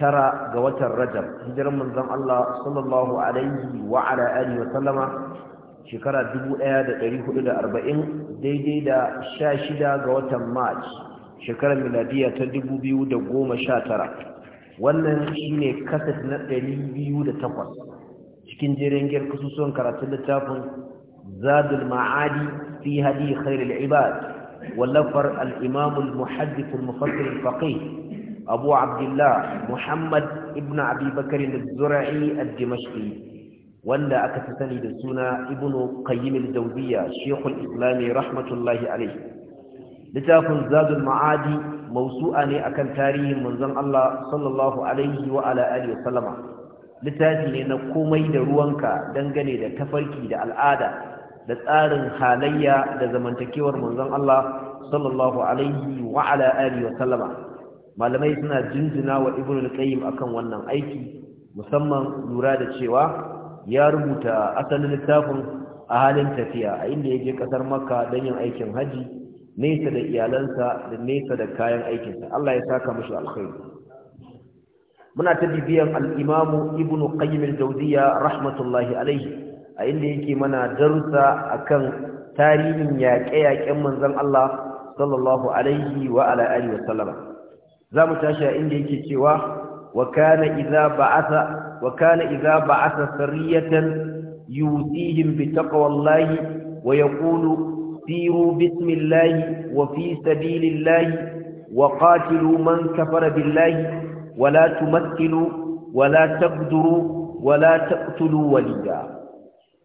tara ga watan rajab hijirar manzon Allah sallallahu alaihi wa ala alihi wa sallama shekara 1440 daidai da 16 ga watan march shekarar miladiya ta 2019 wannan shine kasat na 208 cikin jerin girkususun karatun littafin zadul ma'adi fi hadi khairul ibad wallafar al-imam al-muhaddith al-mufassir al-faqih abu abdullah muhammad ibn abubakar da zura'i a dimashi wanda aka fi sani da suna ibnu kayyimin daudiya shekul islami rahmatullahi alai littafin zazun ma'adi mausu'a ne akan tarihin manzon allah sallallahu alaihi wa ala salama littafi ne na komai da ruwanka dangane da tafarki da al'ada da tsarin halayya da zamantakewar manzon allah sallallahu alaihi wa ala salama malamai suna jinjina wa ibn qayyim akan wannan aiki musamman lura da cewa ya rubuta asalin littafin a halin tafiya a inda yake kasar makka don yin aikin haji nesa da iyalansa da nesa da kayan aikinsa Allah ya saka mashi alkhairi muna ta bibiyan al-imamu ibn qayyim al rahmatullahi alayhi a inda yake mana darussa akan tarihin yaƙe-yaƙen manzon Allah sallallahu alaihi wa ala alihi wa sallama za mu tashi a inda yake cewa wa kana idza ba'atha wa sariyatan yusihim bi taqwallahi wa yaqulu siru bismillahi wa fi sabilillahi wa qatilu man kafara billahi wa la tumathilu wa la tabduru wa la taqtulu waliya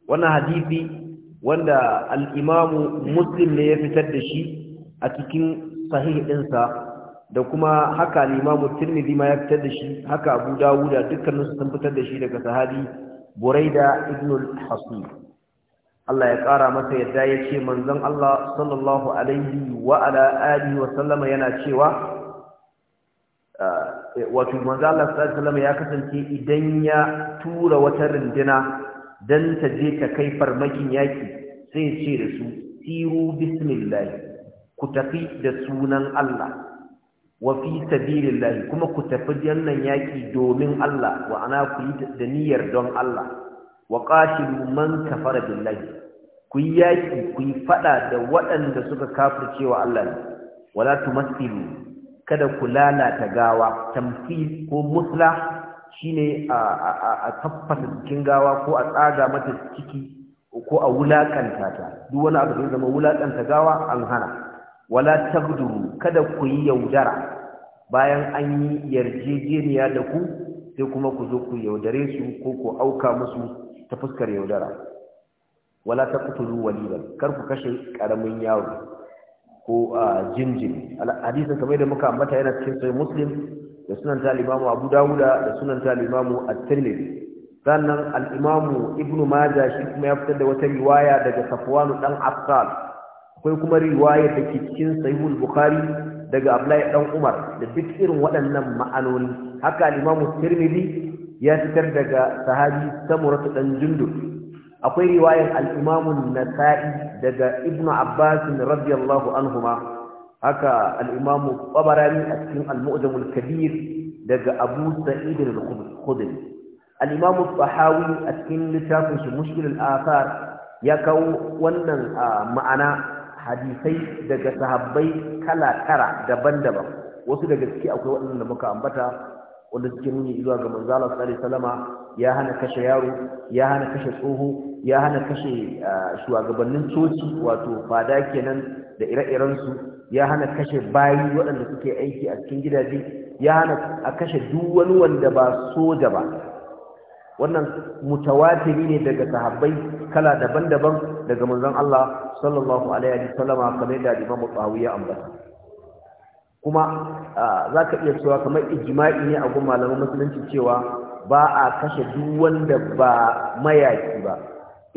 wannan hadisi wanda al-imamu muslim ne ya fitar da shi a cikin sahih ɗinsa da kuma haka limamu tirmidhi ma ya fitar da shi haka abu dawuda su sun fitar da shi daga sahabi buraida ibn al-hasib Allah ya ƙara masa yadda ya ce manzon Allah sallallahu alaihi wa ala alihi wa sallama yana cewa ah, wato manzon Allah sallallahu alaihi wa sallama ya kasance idan ya tura wata rindina dan ta je ta kai farmakin yaki sai ya ce da su siru bismillah ku tafi da sunan Allah wa fi sabilillahi kuma ku tafi wannan yaki domin Allah wa ana ku yi da niyyar don Allah wa qashilu man kafara billahi ku yi yaki ku yi fada da waɗanda suka kafirce wa Allah ne wala tumassilu kada ku lalata gawa tamfil ko musla shine a a a tabbata cikin gawa ko a tsaga mata ciki ko a wulakanta ta duk wani abu da zama wulakanta gawa an hana wala tagduru kada ku yi yaudara bayan an yi yarjejeniya da ku sai kuma ku zo ku yaudare su ko ku auka musu ta fuskar yaudara wala ta kutulu walidan kar ku kashe karamin yaro ko jinjin hadisin kamar da muka ambata yana cikin sai muslim da sunan ta abu dawuda da sunan ta at-tirmidhi sannan al-imamu ibnu maja shi kuma ya fitar da wata riwaya daga safwanu dan Afsal. akwai kuma riwaya da ke cikin sahihul bukhari daga Abdullahi dan Umar da duk irin waɗannan ma'anoni haka limamu Tirmidhi ya fitar daga sahabi Samuratu dan Jundub akwai riwayar al-Imam nasai daga Ibnu Abbas radiyallahu anhuma haka al-Imam Tabarani a cikin Al-Mu'jam al-Kabir daga Abu Sa'id al-Khudri al-Imam Tahawi a cikin littafin shi Mushkil al-Athar ya kawo wannan ah, ma'ana hadisai daga sahabbai kala tara daban-daban wasu daga ciki akwai waɗanda muka ambata wanda suke nuni zuwa ga manzo Allah sallallahu alaihi ya hana kashe yaro ya hana kashe tsoho ya hana kashe ah, shugabannin coci wato fada kenan da ire-iren su ya hana kashe bayi waɗanda suke aiki a cikin gidaje ya hana a kashe duk wani wanda ba soja ba wannan mutawatiri ne daga sahabbai kala daban-daban daga manzon Allah sallallahu alaihi sallam kamar da Imam Tahawi ya ambata kuma zaka iya cewa kamar ijma'i ne a gun malaman musulunci cewa ba a kashe duk wanda ba mayaki ba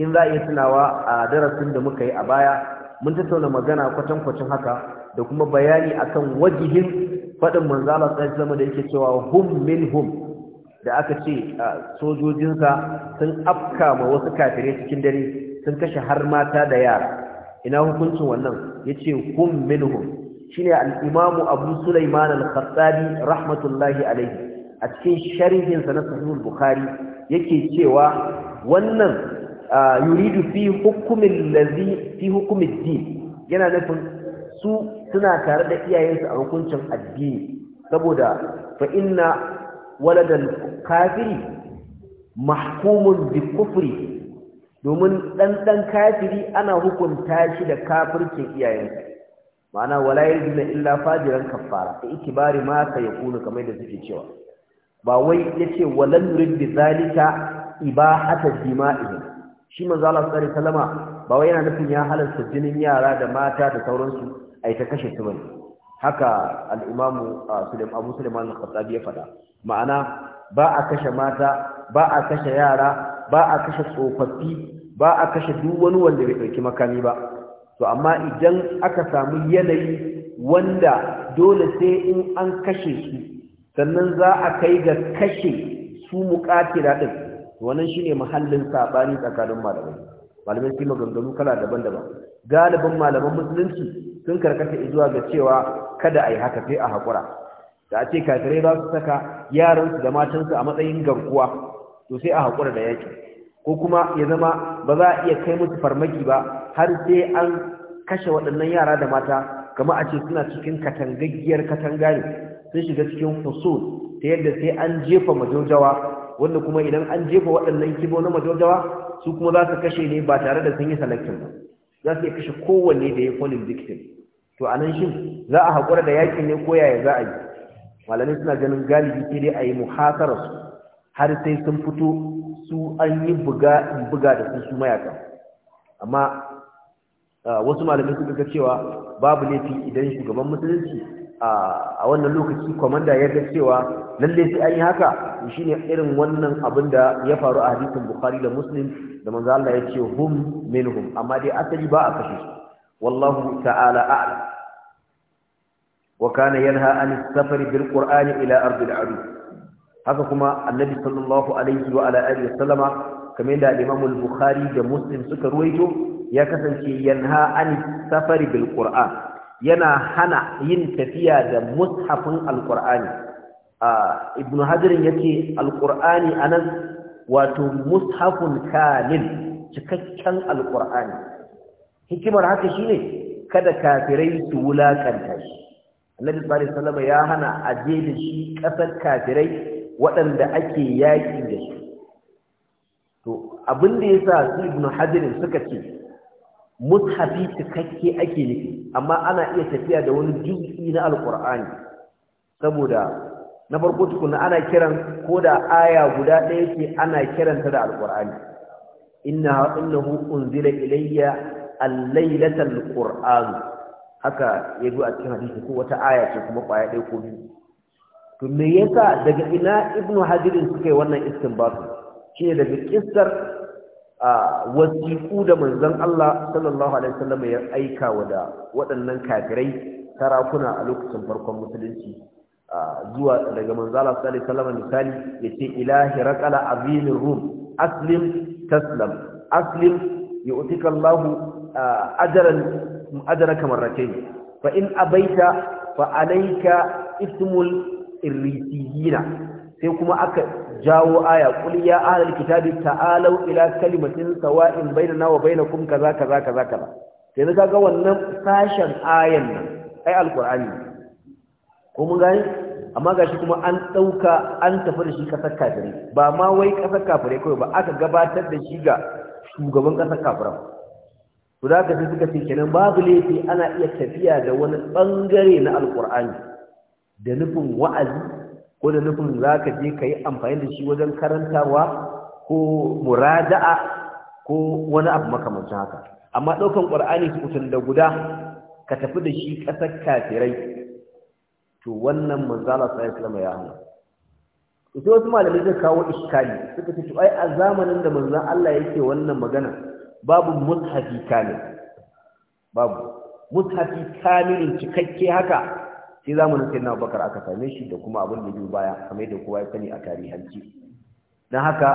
in za a iya tunawa a darasin da muka yi a baya mun tattauna magana kwatankwacin haka da kuma bayani akan wajihin faɗin manzala tsaye zama da yake cewa hum min hum da aka ce sojojinsa sun afka ma wasu kafirai cikin dare sun kashe har mata da yara ina hukuncin wannan yace hum minhum shine al-imam Abu Sulaiman al-Khattabi rahmatullahi alaihi, a cikin sharhin na Sahih al-Bukhari yake cewa wannan yuridu fi hukmin fi din yana nufin su suna tare da iyayensu a hukuncin addini saboda fa inna waladal kafiri mahkumun bi kufri domin ɗanɗan kafiri ana hukunta shi da kafircin iyayensa ma'ana wala yajuna illa fajiran kafara da ikibari ma ka kuna kamar da suke cewa ba wai yace walan nurid bi zalika ibahata dima'i shi manzo su sallallahu alaihi ba wai yana nufin ya halarta jinin yara da mata da sauransu ai ta kashe su bane haka al-imamu Abu Sulaiman al-Khattabi ya faɗa ma'ana ba a kashe mata ba a kashe yara ba a kashe tsofaffi ba a kashe duk wani wanda bai ɗauki makami ba to amma idan aka samu yanayi wanda dole sai in an kashe su sannan za a kai ga kashe su muƙatira ɗin wannan shine muhallin saɓani tsakanin malamai malamai su maganganu kala daban-daban galibin malaman musulunci sun karkata zuwa ga cewa kada a yi haka sai a haƙura da a ce kafirai za su saka yaransu da matansu a matsayin garkuwa to sai a haƙura da yaƙi ko kuma ya zama ba za a iya kai musu farmaki ba har sai an kashe waɗannan yara da mata kama a ce suna cikin katangaggiyar katanga ne sun shiga cikin fusul ta yadda sai an jefa majojawa, wanda kuma idan an jefa waɗannan kibo na majojawa su kuma za su kashe ne ba tare da sun yi salaktin ba za su iya kashe kowanne da ya falling victim to a nan shin za a haƙura da yaƙi ne ko yaya za a yi malamai suna ganin galibi sai dai a yi muhasararsu har sai sun fito su an yi buga buga da su su mayaka. amma wasu malamai suka ga cewa babu laifi idan shugaban musulunci a wannan lokaci komanda ya ga cewa lalle sai an yi haka shine irin wannan abin da ya faru a hadisin Bukhari da Muslim da manzo Allah ya ce hum minhum amma dai asali ba a kashe su wallahu ta'ala a'lam wa kana yanha an safari bil qur'ani ila ardil adu haka kuma annabi sallallahu alaihi wa ala alihi wasallama kamar yadda al-bukhari da muslim suka ruwaito ya kasance yanha an safari bil qur'an yana hana yin tafiya da mushafin al-qur'ani ibnu hajar yace al anan wato mushafun kamil cikakken al hikimar haka shine kada kafirai su wulakanta shi annabi sallallahu alaihi ya hana je da shi kasar kafirai waɗanda ake yaƙi da su to abin da ya sa su ibn suka ce mushafi cikakke ake nufi amma ana iya tafiya da wani juz'i na alƙur'ani saboda na farko tukuna ana kiran ko da aya guda ɗaya ce ana kiranta da alƙur'ani inna innahu unzila ilayya al-lailata al-qur'an haka a cikin hadisi ko wata aya ce kuma kwaya ɗaya ko biyu to me yasa daga ina ibnu hajirin suka yi wannan istinbatu shine daga kissar wasiƙu da manzon Allah sallallahu alaihi wasallam ya aika wa da waɗannan kafirai sarakuna a lokacin farkon musulunci zuwa daga manzon Allah sallallahu alaihi wasallam misali yace ilahi raqala azimir rum aslim taslam aslim yu'tika Allah ajran kamar marratayn fa in abaita fa alayka ismul irrisiyina sai kuma aka jawo aya qul ya ahlal kitabi ta'alu ila kalimatin sawa'in bainana wa bainakum kaza kaza kaza kaza sai kaga wannan sashen ayan nan ai alqur'ani ko mun gani amma gashi kuma an dauka an tafi da shi kasar kafire ba ma wai kasar kafire kawai ba aka gabatar da shi ga shugaban kasar kafirai to da ka suka ce kenan babu laifi ana iya tafiya da wani bangare na alkur'ani da nufin wa'azi ko da nufin za ka je ka yi amfani da shi wajen karantarwa ko murada'a ko wani abu makamancin haka amma ɗaukan ƙwar'ani sukutun da guda ka tafi da shi ƙasar kafirai to wannan manzala sai islama ya hana ita wasu malamai zai kawo iskali suka ce ai a zamanin da manzan Allah yake wannan magana babu mushafi kamil babu mushafi kamilin cikakke haka shi zamanin sai na bakar aka same shi da kuma abin da biyu baya kamar da kowa ya sani a tarihanci don haka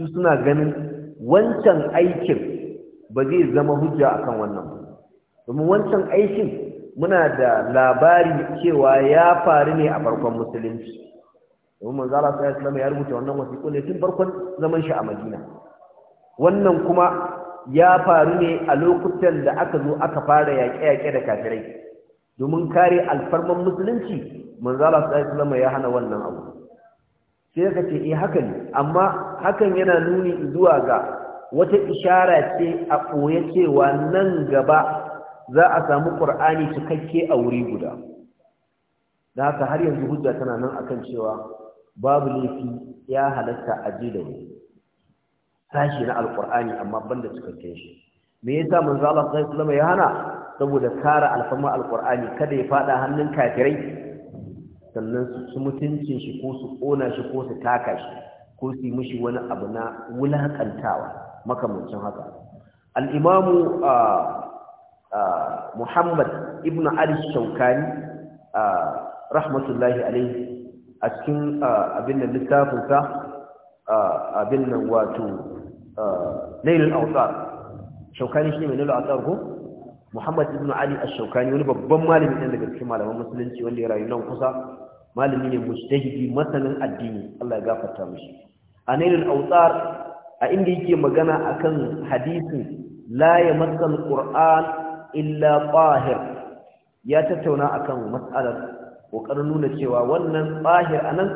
su suna ganin wancan aikin ba zai zama hujja akan wannan domin wancan aikin muna da labari cewa ya faru ne a farkon musulunci domin Allah sai islam ya rubuta wannan wasiƙo ne tun farkon zaman shi a madina wannan kuma ya faru ne a lokutan da aka zo aka fara yaƙe-yaƙe da kafirai domin kare alfarman musulunci manzala sallallahu ya hana wannan abu sai ka ce eh haka ne amma hakan yana nuni zuwa ga wata ishara ce a ɓoye cewa nan gaba za a samu ƙur'ani cikakke a wuri guda da haka har yanzu hujja tana nan akan cewa babu laifi ya halatta a ji da sashi na alƙur'ani amma banda cikakken shi me yasa manzo Allah sallallahu alaihi wasallam ya hana saboda kare alfama alkur'ani kada ya fada hannun kafirai sannan su mutuncin shi ko su kona shi ko su taka shi ko su yi mishi wani abu na wulakantawa makamancin haka al'imamu muhammad ibn ali shaukani rahmatullahi alaihi a cikin abin da littafinsa abin nan wato nailul autar shaukani shi ne mai nailul autar ko Muhammad ibn Ali Ash-Shawkani wani babban malami ɗan daga cikin malaman musulunci wanda ya rayu nan kusa malami ne mujtahidi masanin addini Allah ya gafarta mishi anailul awtar a inda yake magana akan hadisin la yamassal qur'an illa tahir ya tattauna akan mas'alar kokarin nuna cewa wannan tahir anan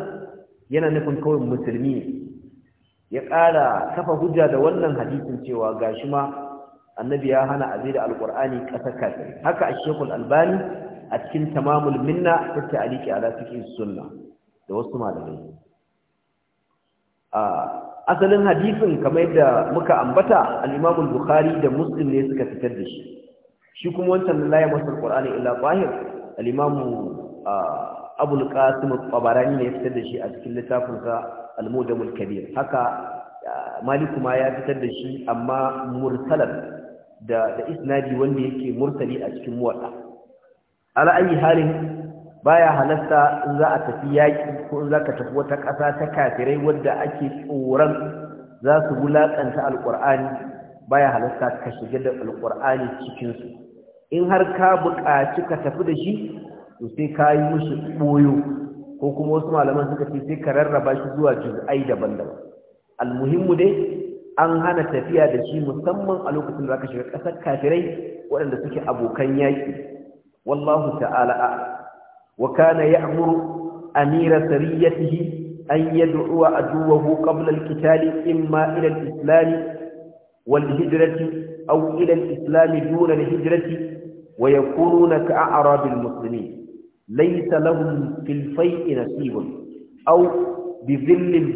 yana nufin kawai musulmi ya ƙara kafa hujja da wannan hadisin cewa gashi ma annabi ya hana a zai da alƙur'ani ƙasa kafirai haka a shekul albani a cikin tamamul minna ta ta'aliki ala cikin sunna da wasu malamai asalin hadisin kamar yadda muka ambata alimamul bukhari da muslim ne suka fitar da shi shi kuma wancan la ya masal illa zahir al-imam abu qasim tabarani ne ya fitar da shi a cikin littafin sa al kabir haka maliku ma ya fitar da shi amma mursalan da da isnadi wanda yake murtali a cikin muwatta ala ayi halin baya halasta in za a tafi yaki ko in ka tafi wata ƙasa ta kafirai wadda ake tsoron za su wulakanta alqur'ani baya halasta ka shiga da alqur'ani cikinsu. in har ka buƙaci ka tafi da shi to sai ka yi musu boyo ko kuma wasu malaman suka ce sai ka rarraba shi zuwa juz'ai daban-daban almuhimmu dai an hana tafiya da shi musamman a lokacin da aka shiga ƙasar kafirai waɗanda suke abokan yaƙi wallahu ta'ala a wa kana ya'muru amira sariyatihi an yad'uwa aduwahu qabla al imma ila al-islam wal hijrati aw ila al duna al wa yakununa ka'arab al-muslimin laysa lahum fil fay'i nasibun aw bi dhill al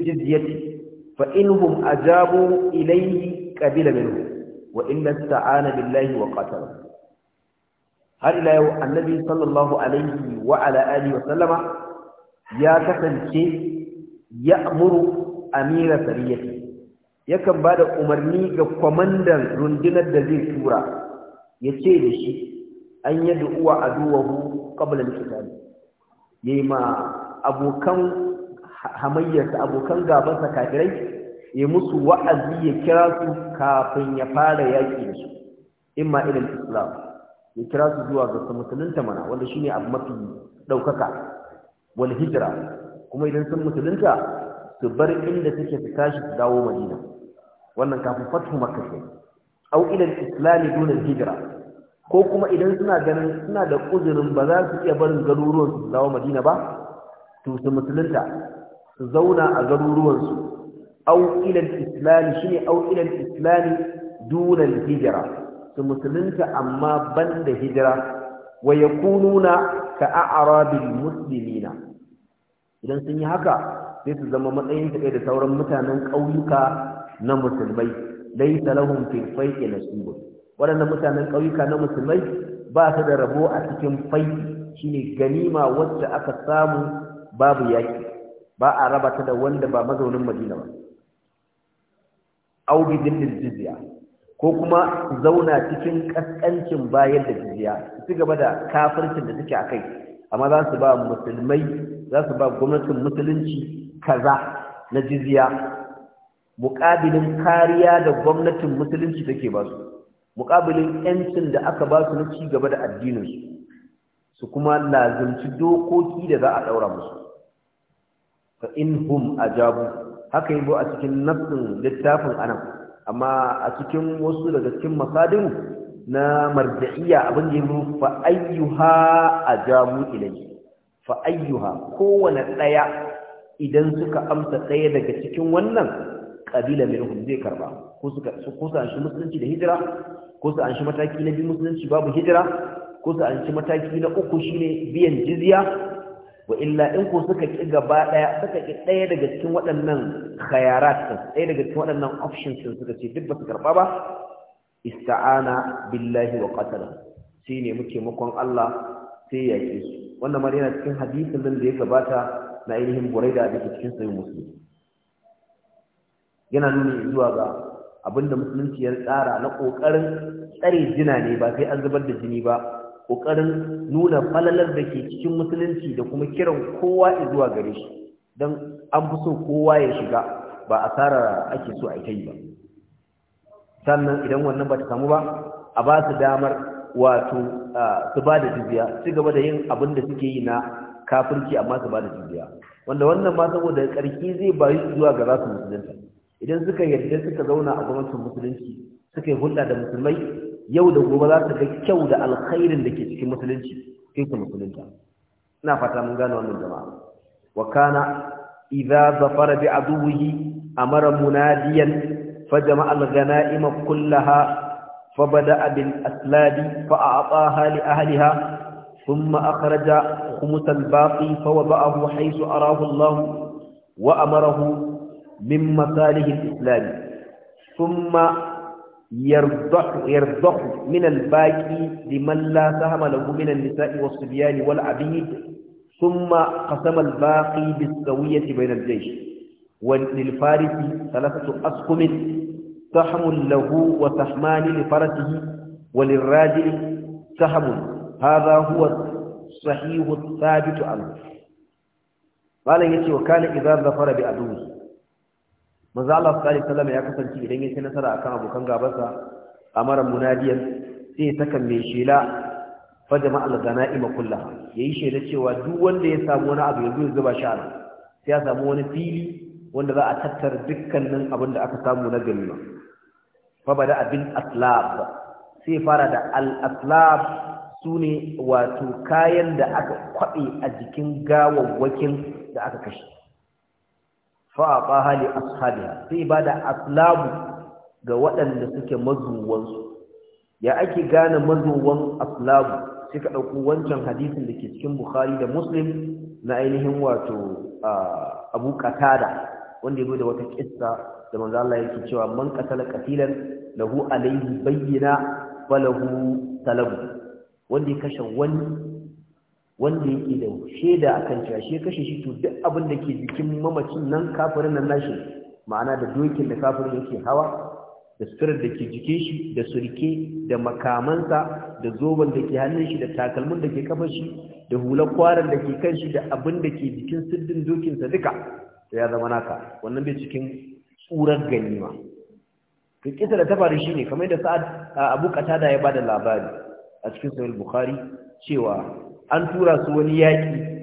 fa inhum ajabu ilayhi qabila minhu wa illa ista'ana billahi wa qatala har ila yau annabi sallallahu alaihi wa ala alihi wa sallama ya kasance ya'muru amira sariyati yakan ba da umarni ga kwamandan rundunar da zai tura ya ce da shi an yi da'uwa a duwahu ƙabalin kitali ya ma abokan hamayyarsa abokan gabansa kafirai ya musu wa'azi ya kira su kafin ya fara yaƙi da su imma irin islam ya kira su zuwa ga musulunta mana wanda shine abu mafi ɗaukaka wal hijira kuma idan sun musulunta su bar inda suke su tashi su dawo madina wannan kafin fatu makka ce au ilal islam dun hijira ko kuma idan suna ganin suna da uzurin ba za su iya barin garuruwan su dawo madina ba to su musulunta su zauna a garuruwansu au ilal islami shine ne ilal islami dunan hijira su musulunta amma ban da hijira wa yakununa ka a'rabil musulmina? idan sun yi haka sai su zama matsayin ta da sauran mutanen ƙauyuka na musulmai laysa lahum fi fayqi nasib waɗannan mutanen ƙauyuka na musulmai ba su da rabo a cikin fai shine ganima wacce aka samu babu yaki ba a raba ta da wanda ba mazaunin madina ba au din jizya ko kuma zauna cikin kaskancin bayar da jiziya su gaba da kafircin da suke akai amma za su ba musulmai za su ba gwamnatin musulunci kaza na jiziya muƙabilin kariya da gwamnatin musulunci take ba su muƙabilin yancin da aka ba su na ci gaba da addinin su kuma lazimci dokoki da za a ɗaura musu fa a ajabu haka yi a cikin nafsin littafin anan amma a cikin wasu daga cikin masadin na marja'iyya abin da yi fa ayyuha ajabu ilai fa ayyuha kowane ɗaya idan suka amsa ɗaya daga cikin wannan kabila minhum zai karba ko suka ko su musulunci da hijira ko su shi mataki na biyu musulunci babu hijira ko su shi mataki na uku shine biyan jizya wa illa in ko suka ki gaba daya suka ki daya daga cikin waɗannan khayarat daya daga cikin waɗannan options din suka ce duk ba su karba ba ista'ana billahi wa qatala ne muke mukon Allah sai ya ki wannan ma yana cikin hadisin din da ya gabata na ainihin Buraida da ke cikin sahih Muslim yana nuni zuwa ga abinda musulunci ya tsara na kokarin tsare jina ne ba sai an zubar da jini ba ƙoƙarin nuna falalar da ke cikin musulunci da kuma kiran kowa zuwa gare shi don an fi so kowa ya shiga ba tsara ake so a yi ba sannan idan wannan ba ta samu ba a ba su damar wato su ba da su gaba da yin abin da suke yi na kafirci amma su ba da wanda wannan ma saboda ƙarfi zai yi zuwa ga za su musulunta idan suka yarda suka zauna a gwamnatin musulunci suka yi hulɗa da musulmai yau da gobe za ta ga kyau da alkhairin da ke cikin musulunci kai ka musulunta ina fata mun gane wannan jama'a wa kana idza zafara bi aduwihi amara munadiyan fajama al-ghanaima kullaha fabada bil asladi fa a'taha li ahliha thumma akhraja khumus al-baqi fa wada'ahu haythu arahu Allah wa amarahu min masalih al-islam thumma يرضح من الباقي لمن لا سهم له من النساء والصبيان والعبيد ثم قسم الباقي بالسوية بين الجيش وللفارس ثلاثة أسكم سهم له وسهمان لفرسه وللراجل سهم هذا هو الصحيح الثابت عنه قال يتي وكان إذا ظفر بأدوه manzo Allah Salama ya kasance idan ya ci nasara akan abokan gabansa amara munadiyan sai ta mai shela fa jama'a al-ghanaima ya yayi shela cewa duk wanda ya samu wani abu yanzu ya zuba shi sai ya samu wani fili wanda za a tattara dukkanin abin da aka samu na ganima fa bada abin aslab sai fara da al-aslab sune wato kayan da aka kwabe a jikin gawawwakin da aka kashe fa hali ashabiya sai bada aslamu ga waɗanda suke mazuwansu ya ake gane mazuwan aslamu sai ka ɗauko wancan hadisin da ke cikin bukhari da muslim na ainihin wato abu katada wanda ya da wata ƙisa da manzo Allah yake cewa man qatala qatilan lahu alayhi bayyina falahu talabu wanda ya kashe wani wanda yake da shaida akan cewa shi kashe shi to duk abin da ke jikin mamacin nan kafirin nan nashi ma'ana da dokin da kafirin yake hawa da suturar da ke jikin shi da surke da makamansa da zoben da ke hannun shi da takalmin da ke kafa shi da hular kwaran da ke kan shi da abin da ke jikin siddin dokinsa duka da ya zama naka wannan bai cikin tsurar ganima kisa da ta faru shi ne kamar da sa'ad abu da ya ba da labari a cikin sahih bukhari cewa an tura su wani yaƙi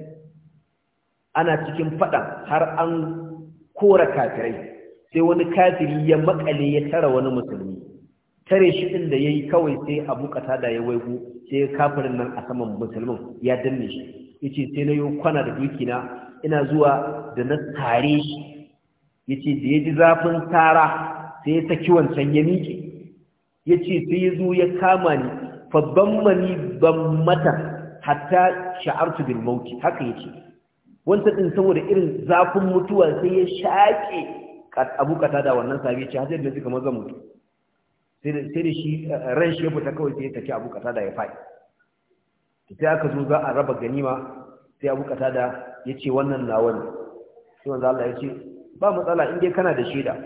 ana cikin faɗa har an kora kafirai sai wani kafiri ya makale ya tara wani musulmi tare shi din da yayi kawai sai abu kata da ya waigo sai ya kafirin nan a saman musulmin ya danne shi ya sai na yi kwana da na, ina zuwa da na tare shi ya da ya ji zafin tara sai ya saki wancan ya miƙe yace sai ya zo ya kama ni babban mani ban mata hatta sha'artu bil maut haka yake wanda din saboda irin zafin mutuwa sai ya shaƙe Abu da wannan sabi ce har da zai maza zan mutu sai da shi eh, ran shi ya fita kawai sai ya take Abu da ya faɗi sai aka zo za a raba ganima sai Abu da ya ce wannan lawan. sai wanda Allah ya ce ba matsala in dai kana da shaida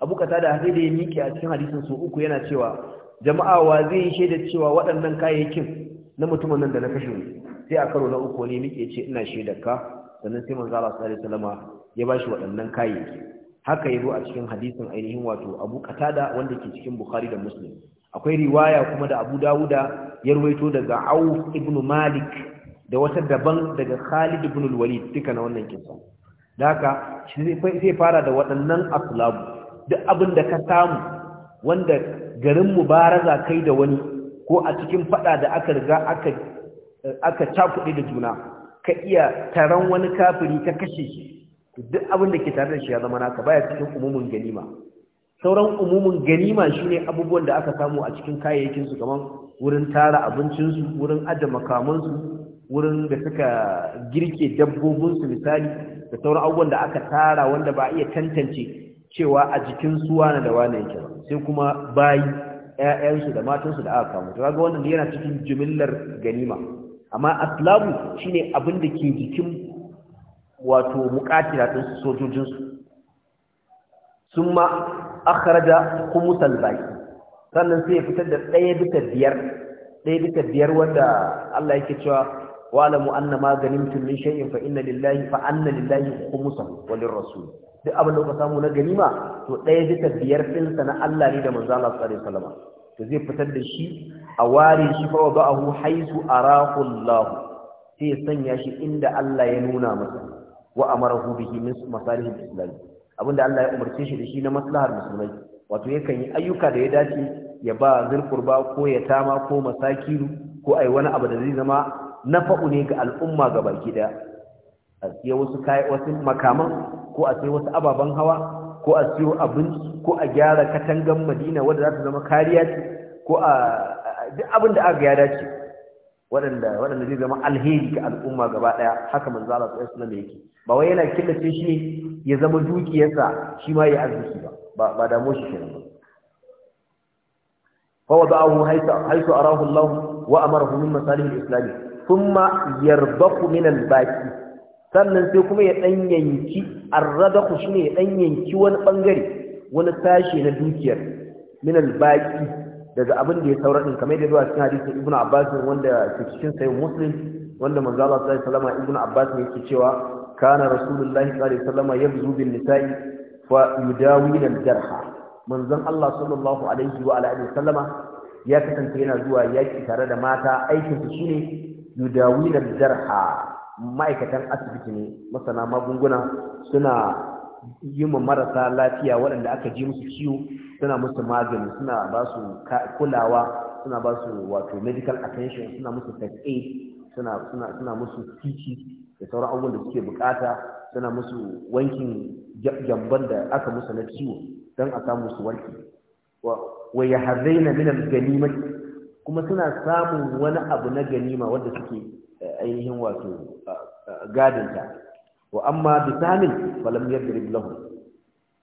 Abu da sai da ya miƙe a cikin hadisin su uku yana cewa jama'a wa zai yi shaida cewa waɗannan kayayyakin na mutumin nan da na kashe sai a karo na uku ne muke ce ina shaida ka sannan sai manzo Allah sallallahu alaihi wasallam ya bashi waɗannan kayayyaki haka yabo a cikin hadisin ainihin wato Abu Qatada wanda ke cikin Bukhari da Muslim akwai riwaya kuma da Abu Dawuda ya rawaito daga Auf ibn Malik da wata daban daga Khalid ibn al-Walid duka na wannan kisa daga sai fara da waɗannan aslabu duk abin da ka samu wanda garin mubaraza kai da wani ko a cikin fada da aka riga aka aka cakuɗe da juna ka iya taron wani kafiri ka kashe shi duk abin da ke tare da shi ya zama naka baya cikin umumin ganima sauran umumin ganima shine abubuwan da aka samu a cikin kayayyakin su kaman wurin tara abincin su wurin aje makaman su wurin da suka girke dabbobin su misali da sauran abubuwan da aka tara wanda ba a iya tantance cewa a jikin su na da wani yake ba sai kuma bayi ƴaƴansu da matansu da aka kamu to ga wannan yana cikin jimillar ganima amma aslabu shine abin da ke jikin wato muqatila sojojinsu sojojin su summa akhraja khumsal baqi sannan sai ya fitar da ɗaya bisa biyar ɗaya bisa biyar wanda Allah yake cewa wa'lamu anna ma ganimtum min shay'in fa inna lillahi fa anna lillahi khumsahu wa lirrasul duk abin da samu na ganima to ɗaya bisa biyar sa na Allah ne da manzo Allah sallallahu alaihi wasallam to zai fitar da shi a ware shi fa ba'ahu haisu arahu Allah sai ya sanya shi inda Allah ya nuna masa wa amarahu bihi min masalihil islam abinda Allah ya umarce shi da shi na maslahar musulmai wato yakan yi ayyuka da ya dace ya ba zurkurba ko ya tama ko masakiru ko ai wani abu da zai zama nafa'u ne ga al'umma ga baki da a siya wasu makaman ko a siya wasu ababen hawa ko a siyo abinci ko a gyara katangan Madina wanda za ta zama kariya ce ko a duk abin da aka ya dace waɗanda zai zama alheri ga al'umma gaba ɗaya haka manzo Allah sallallahu yake ba wai yana killace shi ya zama dukiyarsa shi ma ya arziki ba ba da shi kenan ba fa wada'ahu haythu a arahu Allah wa a min masalih al-islamiyya thumma yarbaku min al-baqi sannan sai kuma ya dan yanki arradaku shine ya dan yanki wani bangare wani tashi na dukiyar min al-baqi daga abin da ya saura din kamar da zuwa cikin hadisin Ibn Abbas wanda ke cikin sahih Muslim wanda manzo Allah sallallahu alaihi wasallam Ibn Abbas yake cewa kana rasulullahi sallallahu alaihi wasallam yabzu bin nisa'i fa yudawina al-jarha manzon Allah sallallahu alaihi wa alihi wasallama ya kasance yana zuwa yaki tare da mata aikin su shine yudawina jarha ma'aikatan asibiti ne masana magunguna suna yi ma marasa lafiya waɗanda aka ji musu ciwo suna musu magani suna ba su kulawa suna ba su wato medical attention suna musu first aid suna musu titi da sauran abubuwan da suke bukata suna musu wankin gyamban da aka musu na ciwo don a samu su wanki. wa ya hazaina na minan ganimati kuma suna samun wani abu na ganima wanda suke eh, ainihin wato gadinta wa amma bisamin falam yadrib lahu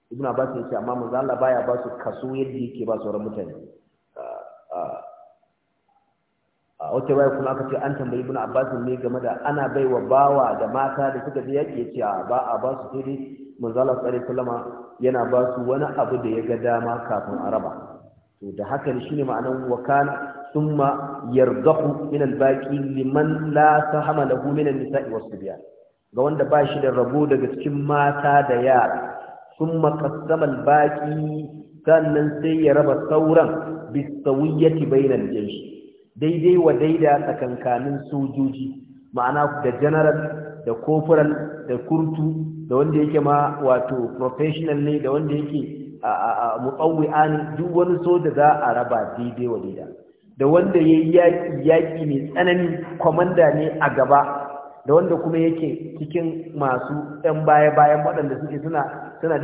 ibnu abbas ya ce amma manzo Allah baya ba su kaso yadda yake ba sauran mutane a wata baya kuma aka ce an tambayi ibnu abbas ne game da ana baiwa bawa da mata da suka je yake ce ba a ba su sai dai manzo Allah sallallahu alaihi wasallam yana ba su wani abu da ya ga dama kafin araba to da haka shine ma'anar wakana thumma yarghabu min al-baqi liman la sahama lahu min an-nisa'i wasu subyan ga wanda ba shi da rabo daga cikin mata da yara thumma qassama baƙi sannan sai ya raba sauran bisawiyyati bainal jaysh daidai wa daida tsakankanin sojoji ma'ana da general da corporal da kurtu da wanda yake ma wato professional ne da wanda yake a mutsawwi duk wani soja za a raba daidai wa daida da wanda ya yi yaƙi yaƙi mai tsanani kwamanda ne a gaba da wanda kuma yake cikin masu 'yan baya-bayan waɗanda suke suna suna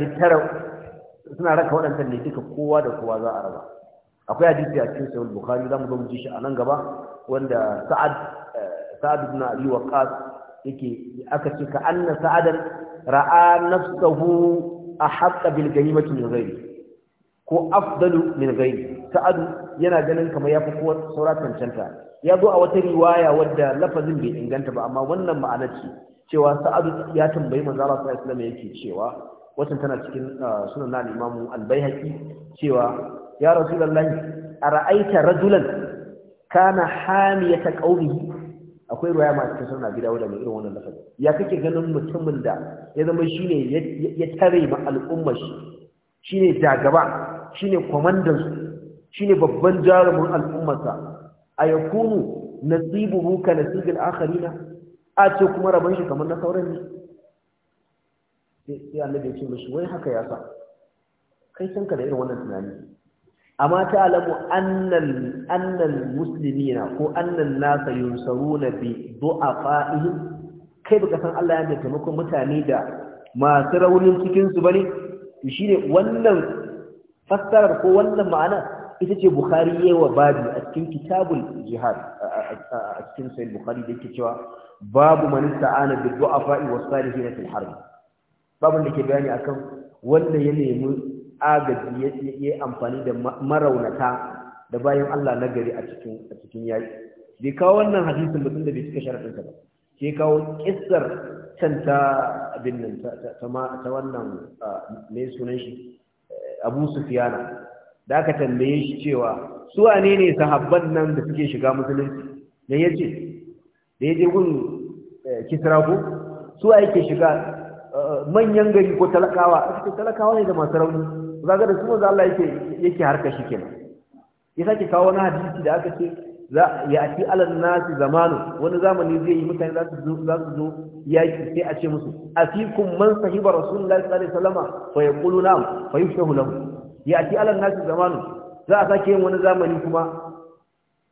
suna raka waɗanda ne duka kowa da kowa za a raba akwai hadisi a cikin sahih bukhari zamu zo mu ji shi a nan gaba wanda sa'ad eh, sa'ad ibn wa waqas yake aka ce ka anna Sa'adar ra'a nafsuhu ahqqa bil ganimati min ghairi ko afdalu min ghairi sa'adu yana ganin kamar ya fi kowa saura cancanta ya zo a wata riwaya wadda lafazin bai inganta ba amma wannan ma'ana ce cewa sa'adu ya tambayi manzo Allah sallallahu alaihi yake cewa watan tana cikin ah, sunan nan imamu al-baihaqi cewa ya rasulullahi ara'aita rajulan kana hamiyata qawlihi akwai ruwaya masu ta sunan gida wadda mai irin wannan lafazin ya kake ganin mutumin da ya zama shine ya tare ma al'ummar shi shine jagaba shine kwamandan su shine babban jarumin al'ummata. a yakunu nasibuhu ka nasibil akharina a ce kuma rabon shi kamar na sauran ne sai Allah ya ce mishi wai haka ya sa kai san ka da irin wannan tunani amma ta alamu annal annal muslimina ko annal nasa yunsaruna bi du'afa'ihim kai baka san Allah ya taimako mutane da masu raunin cikin su bane to shine wannan fassarar ko wannan ma'ana ita ce bukhari wa babi a cikin kitabul jihad a cikin sai bukhari da ke cewa babu man sa'ana bi du'afa'i wasu salihin na harb babun da ke bayani akan wanda ya nemi agaji ya yi amfani da maraunata da bayan Allah na gari a cikin a yayi bai kawo wannan hadisin mutum da bai cika sharadin ba sai kawo ƙisar can ta abin nan ta wannan mai sunan shi Abu Sufiyana. da aka tambaye shi cewa su wane ne sahabban nan da suke shiga musulunci da ya ce da ya je gun eh, kisra ku su a yake shiga eh, manyan gari ko talakawa a cikin talakawa ne da masu rauni za ga da su maza Allah yake harka shi kenan ya sake kawo wani hadisi da aka ce za ya ati alal nasi zamanu wani zamani zai yi mutane za su zo za su zo yaki sai a ce musu afikum man sahiba rasulullahi sallallahu alaihi wasallam fa yaqulu na'am fa yushahu lahu ya ci alal nasu zamanu za a sake yin wani zamani kuma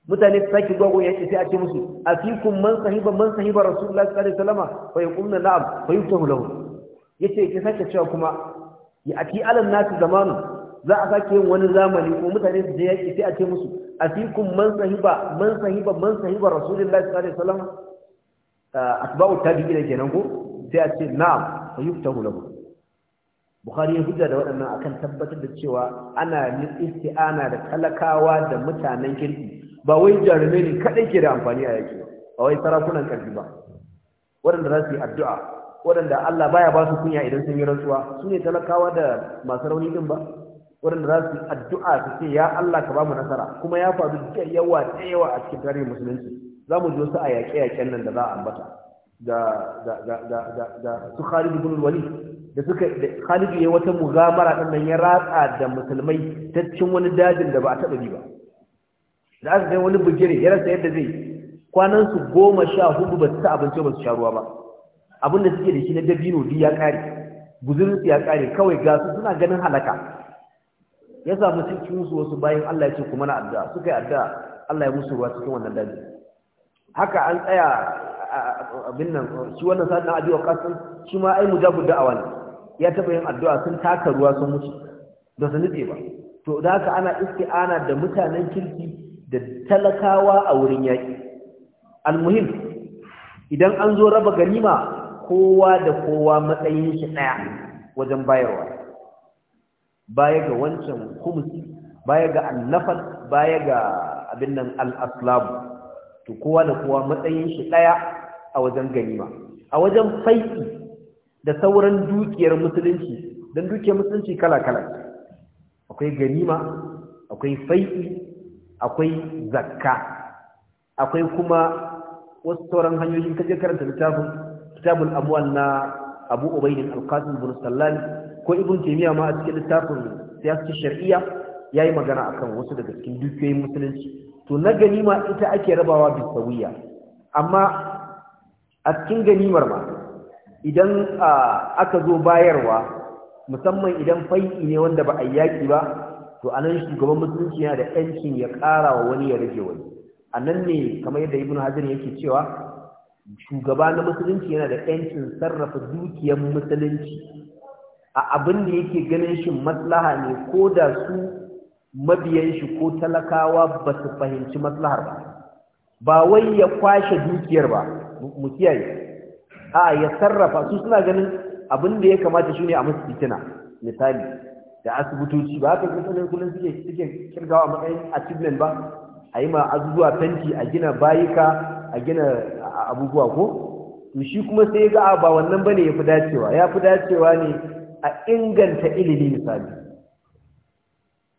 mutane su sake ya ce sai a ce musu a fikun man sahiba man sahiba rasulullah sallallahu alaihi wasallam fa yaqumna na'am fa yutahu lahu yace ki sake cewa kuma ya ci alal nasu zamanu za a sake yin wani zamani kuma mutane su je ya ce sai a ce musu a fikun man sahiba man sahiba man sahiba rasulullah sallallahu alaihi wasallam atba'u ah, tabi'ina kenan ko sai a ce na'am fa yutahu lahu bukhari ya hujja da waɗannan akan tabbatar da cewa ana isti'ana da talakawa da mutanen kirki ba wai jarumai ne kaɗai ke da amfani a yake ba wai sarakunan ƙarfi ba waɗanda za su yi addu'a waɗanda Allah baya ba su kunya idan sun yi rantsuwa su ne talakawa da masu rauni din ba waɗanda za su yi addu'a su ce ya Allah ka ba mu nasara kuma ya faru da yawa da yawa a cikin tarihin musulunci za mu ji wasu a yaƙe-yaƙen nan da za a ambata da su Khalid ibn Walid da suka Khalid yayin wata mugamara din nan ya ratsa da musulmai ta cikin wani dajin da ba a taba bi ba da aka kai wani bugire ya rasa yadda zai kwanan su 14 ba su ta abinci ba su sha ruwa ba abin da suke da shi na dabino di ya kare guzurin su ya kare kawai ga su suna ganin halaka ya samu cikin su wasu bayan Allah ya ce kuma na addu'a suka yi addu'a Allah ya musu ruwa cikin wannan daji haka an tsaya abin nan shi wannan sa'ad na abi kasan shi ma ai mujabu da'awa ne ya taba yin addu'a sun taka ruwa sun mutu da su nube ba to da haka ana isti'ana da mutanen kirki da talakawa a wurin yaki almuhim idan an zo raba ganima kowa da kowa matsayin shi daya wajen bayarwa baya ga wancan kumsi baya ga annafal baya ga abin nan al-aslabu to kowa da kowa matsayin shi daya a wajen ganima a wajen faiki da sauran dukiyar musulunci don dukiyar musulunci kala-kala akwai ganima akwai faiki akwai zakka akwai kuma wasu sauran hanyoyin kaje karanta littafin kitabul amwal na abu ubaidin alkasim bin ko ibn taymiya ma a cikin littafin siyasar shar'iyya yayi magana akan wasu daga cikin dukiyoyin musulunci to na ganima ita ake rabawa bisawiya amma a cikin ganimar ma idan aka zo bayarwa musamman idan fai'i ne wanda ba a yi yaƙi ba to anan shugaban musulunci yana da ɗancin ya ƙara wa wani ya rage wani anan ne kamar yadda ibnu hajar yake cewa shugaba na musulunci yana da ɗancin sarrafa dukiyar musulunci a abin da yake ganin shi maslaha ne ko da su mabiyan shi ko talakawa ba su fahimci maslahar ba ba wai ya kwashe dukiyar ba mu kiyaye a ya sarrafa su suna ganin abin da ya kamata shi ne a musu fitina misali da asibitoci ba haka kuma sanar kullum suke suke kirgawa a matsayin achievement ba a yi ma azuzuwa fenti a gina bayika a gina abubuwa ko to shi kuma sai ga ba wannan bane ya fi dacewa ya fi dacewa ne a inganta ilimi misali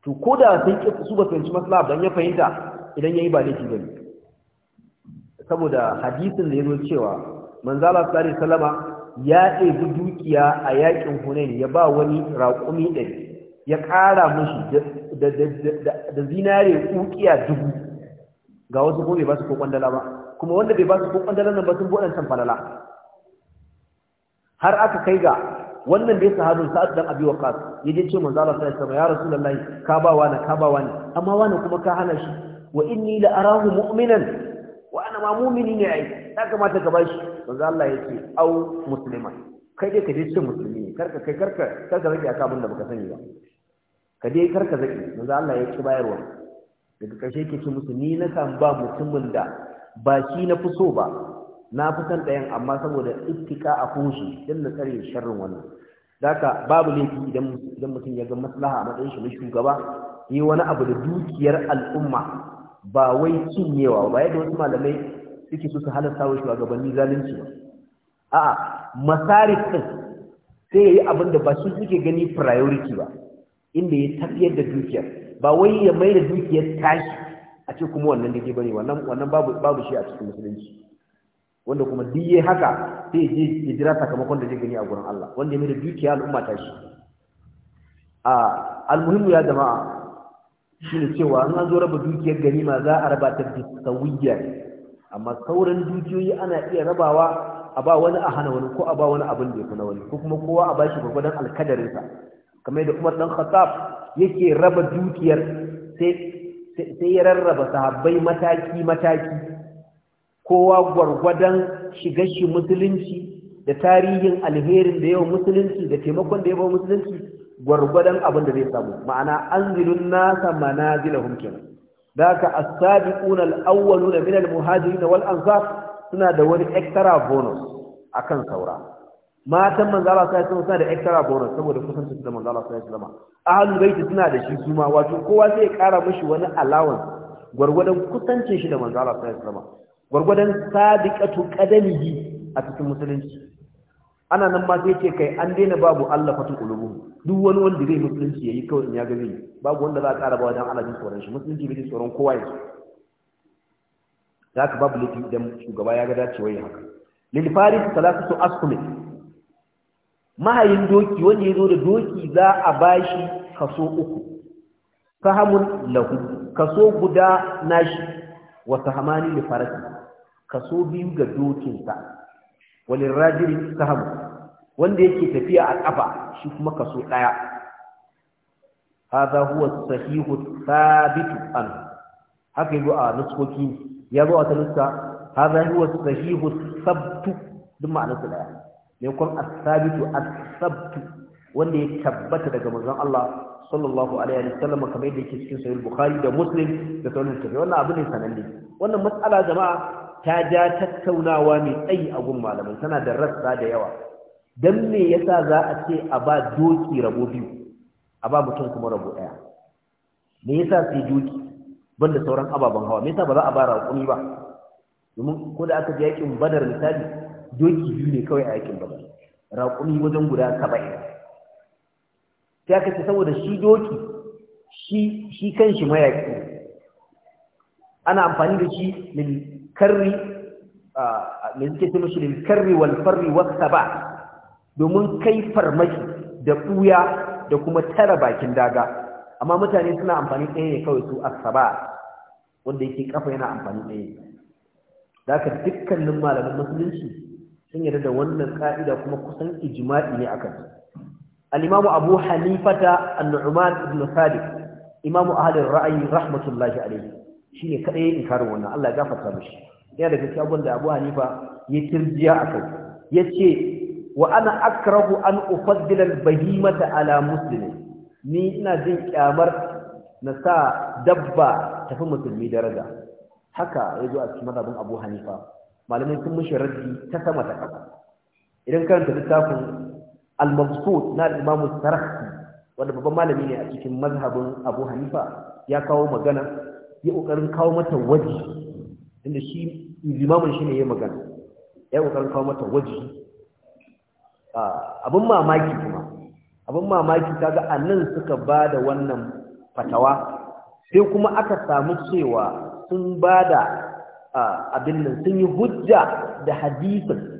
to ko da sun ki su ba fahimci maslaha dan ya fahimta idan yayi ba laifi bane saboda hadisin da ya zo cewa manzala tsari salama ya ɗebi dukiya a yakin hunain ya ba wani raƙumi ɗari ya ƙara mushi da zinare ƙuƙiya dubu ga wasu ko bai ba su ko ƙwandala ba kuma wanda bai ba su ko ƙwandala nan ba sun buɗe can falala har aka kai ga wannan da ya sahadu sa'ad dan abi waqas je ce manzo Allah sallallahu alaihi wasallam ya rasulullahi ka ba wani ka ba wani amma wani kuma ka hana shi wa inni la arahu mu'minan wa ana ma mumini ne ai Ta kamata ka bashi manzo Allah yake au musliman kai dai ka je cikin musulmi ne karka kai karka karka zaki aka abin da baka sani ba ka dai karka zaki manzo Allah ya bayarwa daga karshe yake ce musulmi na kan ba mutumin da ba shi na fi so ba na fi san ɗayan amma saboda ittika a kunshi din na tsare sharrin wannan daka babu laifi idan idan mutum ya ga maslaha a matsayin shi na shugaba yi wani abu da dukiyar al'umma ba wai cinyewa ba yadda wasu malamai suke so su halasta wa shugabanni zalunci ba a'a masarif din sai yayi abin da ba su suke gani priority ba inda ya tafiyar da dukiyar ba wai ya mai da dukiyar tashi a ce kuma wannan da ke bane wannan wannan babu babu shi a cikin musulunci wanda kuma duk yayi haka sai je ya jira sakamakon da zai gani a gurin Allah wanda ya mai da dukiya al'umma tashi a almuhimmu ya jama'a shine cewa an zo raba dukiyar gari ma za a raba ta bisawiyya amma sauran dukiyoyi ana iya rabawa a ba wani a hana wani ko a ba wani abin da ya kuna wani ko kuma kowa a bashi gwagwadon sa. kamar da Umar dan Khattab yake raba dukiyar sai ya rarraba sahabbai mataki mataki kowa gwargwadon shiga shi musulunci da tarihin alherin da yawa musulunci da taimakon da yawa musulunci gwargwadon abin da zai samu ma'ana an anzilun nasa manazilahum Da daka as-sabiquna al-awwaluna min al-muhajirin wal ansar suna da wani extra bonus kan saura matan manzo Allah sai suna da extra bonus saboda kusanci da manzo Allah sai sallama ahlul bait suna da shi kuma wato kowa sai ya kara mishi wani allowance gwargwadon kusancin shi da manzo Allah sai sallama gwargwadon sadiqatu qadamihi a cikin musulunci ana nan ma sai ce kai an daina babu Allah fatul qulubuhum duk wani wanda zai musulunci ya yi kawai in ya ga zai babu wanda za a ƙara ba wajen ana jin tsoron shi musulunci bai jin tsoron kowa yanzu ka babu laifi idan shugaba ya ga dacewa ya haka lil faris salatu asqum mahayin doki wanda ya zo da doki za a bashi kaso uku sahamun lahu kaso guda nashi wa sahamani li farasi kaso biyu ga dokinsa walin rajiri sahamu wanda yake tafiya a kafa shi kuma kaso ɗaya. hadha huwa sahihu thabit an haka yi a nuskoki ya zo a ta nuska hadha huwa sahihu sabtu duk ma'anar su daya ne kuma as-sabitu as-sabtu wanda ya tabbata daga manzon Allah sallallahu alaihi wa sallam kamar yadda yake cikin sahih bukhari da muslim da sauran tafi wannan abu ne sananne wannan mas'ala jama'a ta ja tattaunawa mai tsayi a gun malamai. tana da rassa da yawa dan me yasa za a ce a ba doki rabo biyu a ba mutum kuma rabo daya me yasa sai doki banda sauran ababen hawa me yasa ba za a ba raƙumi ba domin ko da aka ji yakin badar misali doki biyu ne kawai a yakin badar raƙumi wajen guda saba'in sai aka ce saboda shi doki shi shi kanshi mayaƙi ana amfani da shi min karri me suke ce mashi min karri wal farri wa saba domin kai farmaki da ɓuya da kuma tara bakin daga amma mutane suna amfani ɗaya ne kawai su asaba wanda yake kafa yana amfani ɗaya da haka dukkanin malamin musulunci sun yarda da wannan ka'ida kuma kusan ijma'i ne akan al-imam abu hanifata an-nu'man ibn sabit imam ahli ra'ayi rahmatullahi alayhi shine kada ya wannan Allah ya gafarta mishi yana daga cikin abin da abu hanifa ya tirjiya akai yace wa ana akrahu an ufaddila al-bahimata ala muslimin ni ina jin kyamar na sa dabba tafi musulmi daraja haka ya zo a cikin mazhabin Abu Hanifa malamai sun mushi raddi ta sama ta kasa idan karanta littafin al-mabsut na al-Imam Sarhi wanda babban malami ne a cikin mazhabin Abu Hanifa ya kawo magana ya kokarin kawo mata waji inda shi limamin shi ne ya magana ya kokarin kawo mata waji Ah, abin mamaki kuma abin mamaki kaga a nan suka ba da wannan fatawa sai kuma aka samu cewa sun bada da ah, abin nan sun yi hujja da hadisin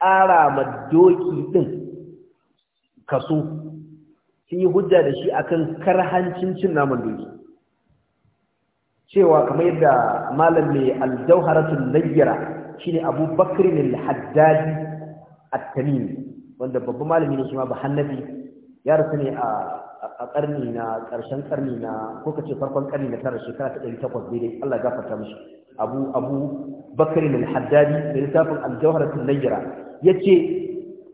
ƙara ma doki ɗin kaso sun yi hujja da shi akan karhancin cin naman doki cewa kamar yadda malam mai aljauharatun nayyara shine abubakar ne haddadi at-tamimi wanda babban malami ne shi ma ba hannabi ya rasu ne a karni na karshen karni na ko ce farkon karni na tara shekara ta 800 daidai Allah ya gafarta mishi abu abu bakr al-haddadi da littafin al-jawharat yace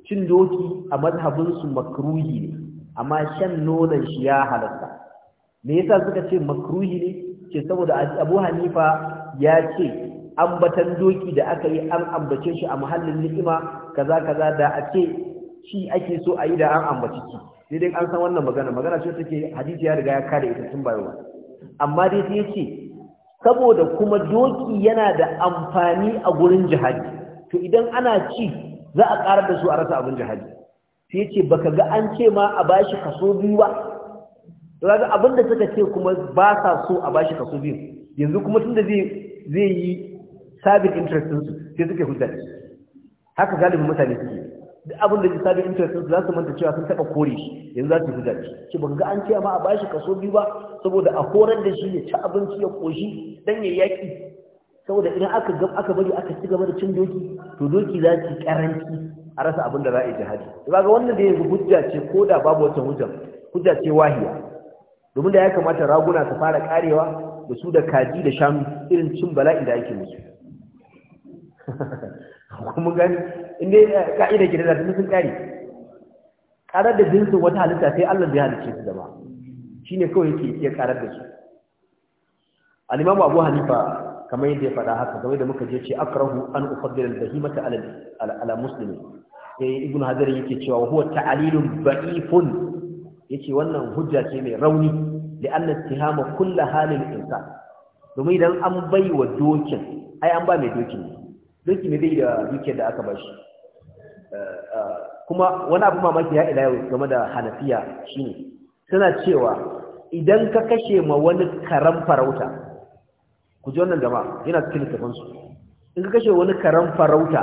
cin doki a mazhabin su makruhi ne amma shan nonon shi ya halatta me yasa suka ce makruhi ne ce saboda Abu Hanifa ya ce ambatan doki da aka yi an ambace shi a muhallin ni'ima kaza kaza da a ce shi ake so a yi da an ambaci shi sai dai an san wannan magana magana ce take hadisi ya riga ya kare ita tun bayo amma dai sai yace saboda kuma doki yana da amfani a gurin jihadi to idan ana ci za a karar da su a rasa abin jihadi sai yace baka ga an ce ma a bashi kaso biyu ba to kaga abin da suka ce kuma ba sa so a bashi kaso biyu yanzu kuma tunda zai zai yi sabit interest sai suke hujja da haka galibin mutane suke duk abin da ke sabit interest za su manta cewa sun taba kore shi yanzu za su hujja da shi ban ga an ce ma a bashi kaso biyu ba saboda a horar da shi ya ci abinci ya koshi dan ya yaƙi saboda idan aka gab aka bari aka ci gaba da cin doki to doki za ki karanci a rasa abin da za a yi jihadi ba ga wannan da yanzu hujja ce ko da babu wata hujja hujja ce wahiya domin da ya kamata raguna su fara karewa da su da kaji da shanu irin cin bala'i da ake musu kuma gani inda eh, ka'ida ke da sun kare karar da jinsu wata halitta sai Allah bai halicce su zama shine kawai yake iya karar da su al Abu Hanifa kamar yadda ya faɗa haka kamar da muka je ce akrahu an da al-bahimata ala muslimi sai eh, ibnu hazari yake cewa huwa ta'lilun ba'ifun yace wannan hujja ce mai rauni da anna ittihama kullu halin insan domin idan an bai wa dokin ai an ba mai dokin ne don ki zai da dukiyar da aka bashi eh, eh, kuma wani abu mamaki ya ila yau game da hanafiya shine suna cewa idan ka kashe ma wani karen farauta ku ji wannan gama yana cikin littafinsu in ka kashe wani karen farauta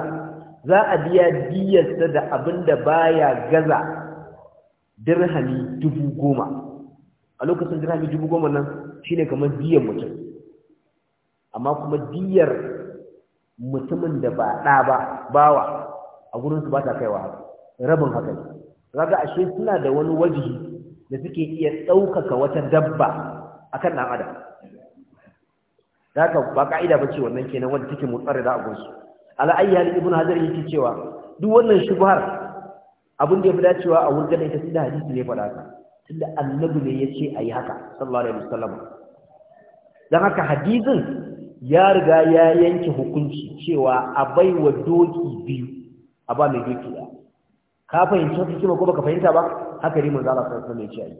za a biya diyarsa da abin da baya gaza dirhami dubu goma a lokacin dirhami dubu goma nan shine kamar diyar mutum amma kuma diyar mutumin da ba ɗa ba bawa a gurinsu ba ta kaiwa rabin haka ne raga ashe suna da wani wajihi da suke iya ɗaukaka wata dabba akan ɗan adam haka ba ka'ida ba ce wannan kenan wanda take mutsar da agunsu ala'ayyar ibn hajar yake cewa duk wannan shubhar abin da ya fi dacewa a wurin ganin ta tunda hadisi ne faɗa ka tunda annabi ne ya ce a yi haka sallallahu alaihi wasallam don haka hadisin ya riga ya yanke hukunci cewa a bai wa doki biyu a ba mai doki ba. ka fahimci hikima ko baka fahimta ba haka ne manzo Allah sallallahu alaihi wasallam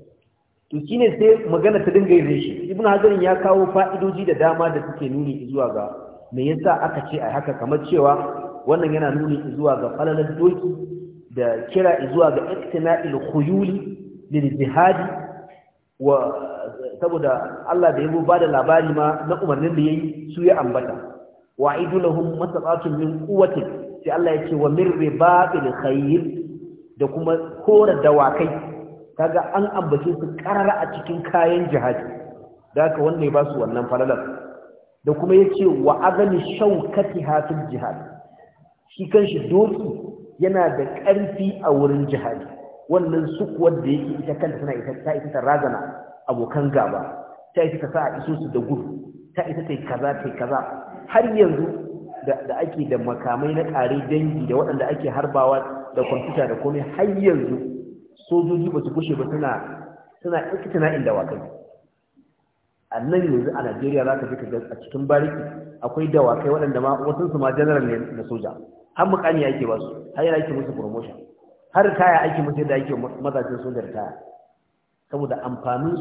ya to sai magana ta dinga yin shi ibnu hazarin ya kawo fa'idoji da dama da suke nuni zuwa ga me yasa aka ce ai haka kamar cewa wannan yana nuni zuwa ga falalar doki da kira zuwa ga iktina'il khuyuli lil jihad wa saboda Allah da yabo bada labari ma na umarnin da yayi su ya ambata wa idulahum masaqatun min quwwati sai Allah ya ce wa min ribatil khayr da kuma kora dawakai kaga an ambace su karara a cikin kayan jihadi daga wanda ya ba su wannan falalar da kuma yace wa azali shaukati hatil jihad shi kanshi doki yana da karfi a wurin jihadi wannan sukuwar da yake ita kanta tana ita ta ita razana abokan gaba ta isa ta sa a iso su da gudu ta isa ta yi kaza ta yi kaza har yanzu da ake da makamai na ƙare dangi da waɗanda ake harbawa da kwamfuta da komai har yanzu sojoji ba su kushe ba suna suna ikitina'in dawakai a nan yanzu a najeriya za ka fi a cikin bariki akwai dawakai waɗanda ma wasansu ma general ne na soja har mukami ake ba su har yana ake musu promotion har kaya ake musu yadda ake mazajen sojar kaya saboda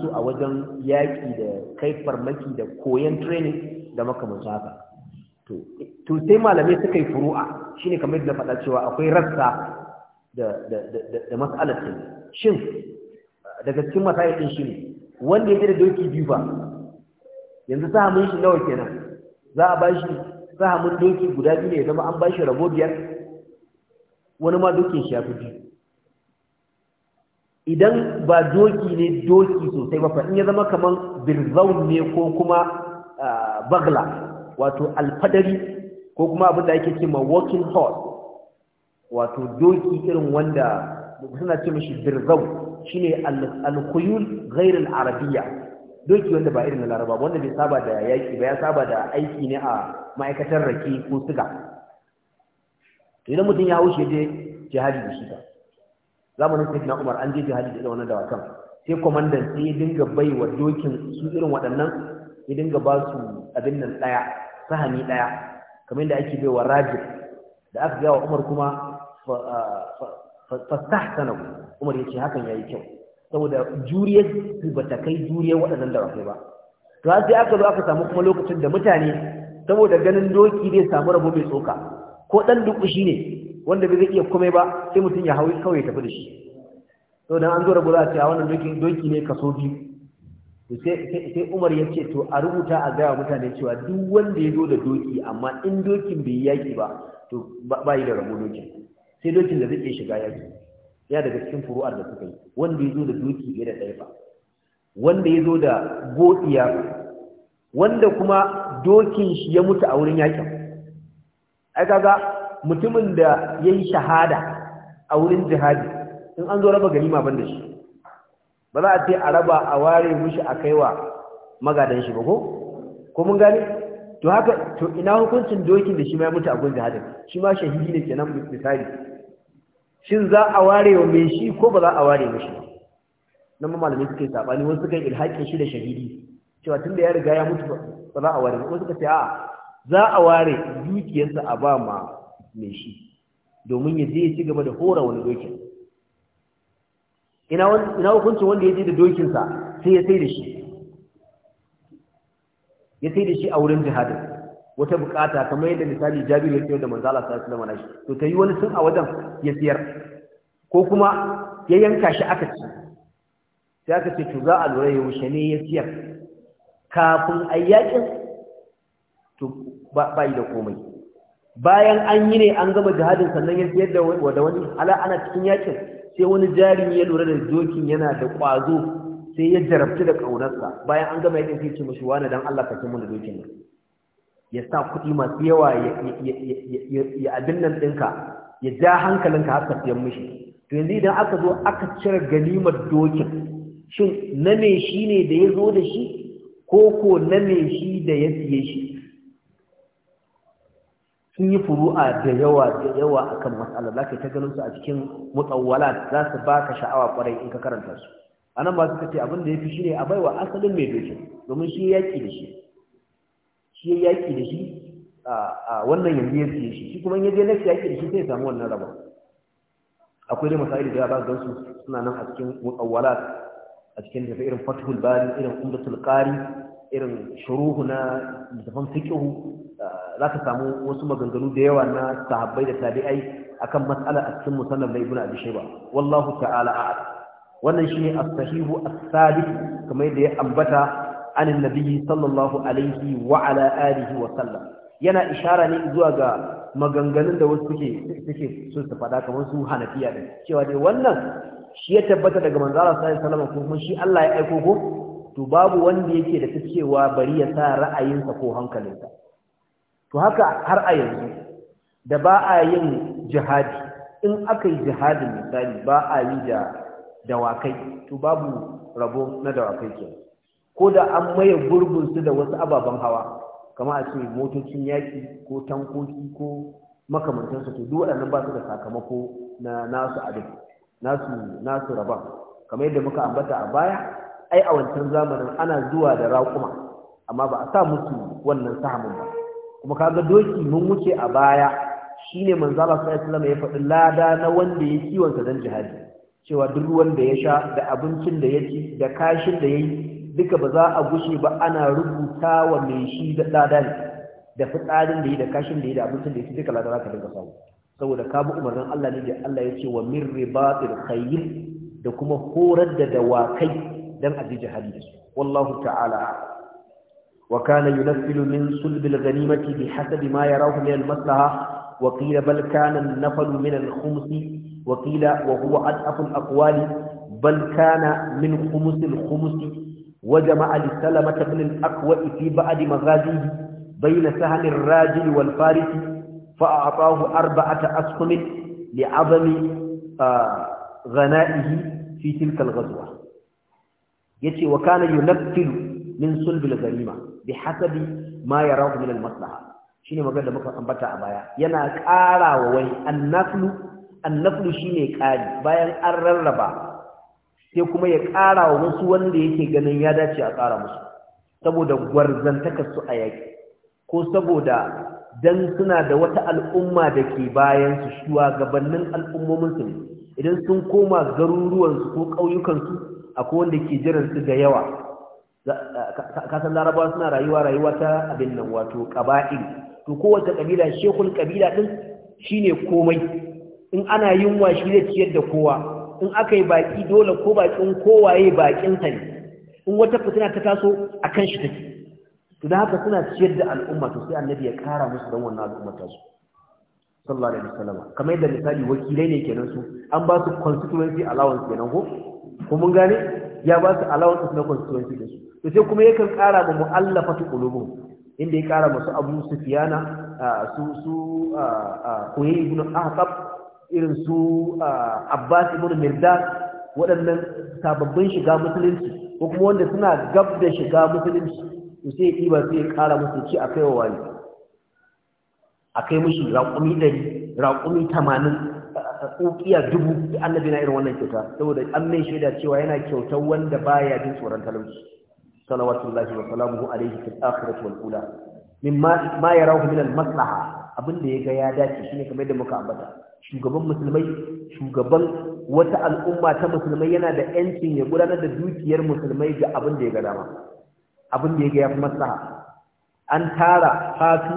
su a wajen yaƙi da kai farmaki da koyan training da makamanci haka to sai malamai suka yi furu'a shine kamar yadda faɗa cewa akwai rassa da da da shin daga cikin masail din shine wanda ya da doki biyu ba yanzu sahamin shi nawa kenan za a bashi mun doki guda biyu ne ya zama an bashi rabo biyar wani ma dokin shi ya fi biyu idan ba doki ne doki sosai ba in ya zama kamar birzaun ne ko kuma bagla wato alfadari ko kuma abin da ake ce ma walking horse wato doki irin wanda suna ce mashi birzaun shine alkhuyul gairin Arabiya. doki wanda ba irin na laraba wanda bai saba da yaki ba ya saba da aiki ne a ma'aikatar rake ko siga idan mutum ya wuce je jihadi da shi zamanin sai na umar an je jihadi da wannan dawakan sai kwamandan sai ya dinga baiwa dokin su irin waɗannan ya dinga ba su abin nan ɗaya sahani ɗaya kamar yadda ake bai wa da aka gaya wa umar kuma fasahsana umar ya ce hakan ya yi kyau saboda juriyar su ba ta kai juriyar waɗannan dawakai ba to sai aka zo aka samu kuma lokacin da mutane saboda ganin doki zai samu rabo mai tsoka ko ɗan dukushi ne wanda bai zai iya komai ba sai mutum ya hawi kawai tafi da shi to dan an zo rabu za a ce a wannan doki doki ne kaso biyu sai Umar ya ce to a rubuta a gaya mutane cewa duk wanda ya zo da doki amma in dokin bai yaki ba to ba yi da rabo dokin sai dokin da zai iya shiga yaki ya daga cikin furu'ar da suka yi wanda ya zo da doki bai da ɗaya ba wanda ya zo da godiya wanda kuma dokin shi ya mutu a wurin yakin ai kaga mutumin da ya yi shahada a wurin jihadi in an zo raba ganima ban da shi ba za a ce a raba a ware mushi a kaiwa magadan shi ba ko ko mun gani? to haka to ina hukuncin dokin da shi ma ya mutu a gun jihadin shi ma shahidi ne kenan misali shin za a ware wa mai shi ko ba za a ware mushi ba nan ma malamai suka yi sabani wasu kan ilhaki ilhaƙin shi da shahidi cewa tunda ya riga ya mutu ba za a ware ba wasu suka ce a'a za a ware dukiyarsa a ba ma mai shi domin ya je ya ci gaba da hora wani dokin ina hukuncin wanda ya je da dokinsa sai ya sai da shi ya sai da shi a wurin jihadin wata bukata kamar yadda misali jabiru ya sayar da manzala su zama nashi. to ta yi wani sun a wajen ya siyar ko kuma ya yanka shi aka ci sai aka ce to za a lura ya wuce ne ya siyar kafin ayyakin to ba yi da komai bayan an yi ne an gama jihadin sannan ya siyar da wani ala ana cikin yakin sai wani jari ya lura da dokin yana da ƙwazo sai ya jarabci da ƙaunarsa bayan an gama yakin sai ce mashi wani don Allah ka mun da dokin nan ya sa kuɗi masu yawa ya abin nan ɗinka ya ja hankalinka har ka siyan mishi to yanzu idan aka zo aka cire ganimar dokin shin na me shi ne da ya zo da shi ko ko na me shi da ya siye shi sun yi furu'a da yawa da yawa akan matsala za ka ta ganin su a cikin mutsawwala za su ba sha'awa kwarai in ka karanta su a nan ba suka ce abin da ya fi shi ne a baiwa asalin mai dokin domin shi ya yaƙi da shi shi ya da shi a wannan yanzu ya fiye shi shi kuma ya je da shi sai ya samu wannan raba. akwai dai masaili da ya ba gansu suna nan a cikin mutsawwala a cikin tafi irin fathul bari irin umdatul qari irin shuruhu na littafin fiqhu eh, za ka samu wasu maganganu da yawa na sahabbai da tabi'ai akan matsala a cikin musannaf na ibnu abi shayba wallahu ta'ala a'lam wannan shine as-sahihu as-sabit kamar yadda ya ambata anin nabiyyi sallallahu alaihi wa ala alihi wa sallam yana ishara ne zuwa ga maganganun da wasu suke suke so su faɗa kamar su hanafiya da cewa dai wannan shi ya tabbata daga manzara sallallahu alaihi wasallam ko kuma shi Allah ya aiko ko to babu wanda yake da ta cewa bari ya sa ra'ayinsa ko hankalinsa to haka har a yanzu da ba a yin jihadi in aka yi jihadin misali ba a yi da dawakai to babu rabo na dawakai ke ko da an maye gurbinsu da wasu ababen hawa kama a ce motocin yaƙi ko tankoki ko makamantansu to duk waɗannan ba su da sakamako na nasu nasu nasu rabon kamar yadda muka ambata a baya ai a wancan zamanin ana zuwa da raƙuma amma ba a sa musu wannan sahamin ba kuma kaga doki mun wuce a baya shine manzo Allah sallallahu alaihi ya faɗi lada na wanda ya kiwon sa dan jihadi cewa duk wanda ya sha da abincin da ya ci da kashin da yayi duka ba za a gushe ba ana rubuta wa mai shi da lada ne da fitsarin da yi da kashin da yi da abincin da ya ci duka lada za ka dinga samu saboda ka bi umarnin Allah ne da Allah ya ce wa min ribatil khayr da kuma horar da dawakai لم دمجج حديث والله تعالى وكان ينفل من صلب الغنيمة بحسب ما يراه من المصلحة وقيل بل كان النفل من الخمس وقيل وهو أدأف الأقوال بل كان من خمس الخمس وجمع للسلمة بن الأقوى في بعد مغازيه بين سهم الراجل والفارس فأعطاه أربعة أسهم لعظم آه، غنائه في تلك الغزوة yace wa kana yunaffilu min sulbil bi bihasabi ma yarahu min al-maslaha shine magana da muka ambata a baya yana ƙarawa wani annaflu annaflu shine ƙari bayan an rarraba sai kuma ya ƙarawa wasu wanda yake ganin ya dace a kara musu saboda gwarzantakar su a yaki ko saboda dan suna da wata al'umma da ke bayan su shugabannin al'ummomin su idan sun koma garuruwansu ko ƙauyukansu akwai wanda ke jiran su da yawa kasan larabawa suna rayuwa rayuwa ta abin nan wato ƙaba'in, to kowace ƙabila shekul ƙabila ɗin shine komai in ana yunwa shi zai ciyar da kowa in aka yi baƙi dole ko baƙin baƙin sa ne in wata fitina ta taso a kan shi take to da haka suna ciyar da al'umma to sai annabi ya kara musu dan wannan al'umma ta su sallallahu alaihi wasallam kamar yadda misali wakilai ne kenan su an ba su constituency allowance kenan ko ko mun gane ya ba su allowance na constituency da su to sai kuma yakan ƙara ma mu'allafatu qulubuhum inda ya kara masu Abu Sufyana su su koyi ibn Ahqab irin su Abbas ibn Mirdad waɗannan sababbin shiga musulunci ko kuma wanda suna gab da shiga musulunci to sai ya ba sai ya ƙara musu ci a wa wani a kai mishi raƙumi ɗari raƙumi tamanin tsokiya dubu da annabi na irin wannan kyauta saboda an mai shaida cewa yana kyauta wanda baya jin tsoron talauci salawatullahi wa salamuhu alayhi fil akhirati wal ula mimma ma yarahu min al maslaha abin da yaga ya dace shine kamar yadda muka ambata shugaban musulmai shugaban wata al'umma ta musulmai yana da yancin ya gudanar da dukiyar musulmai ga abin da ya ga dama abin da yaga ya fi maslaha an tara fatu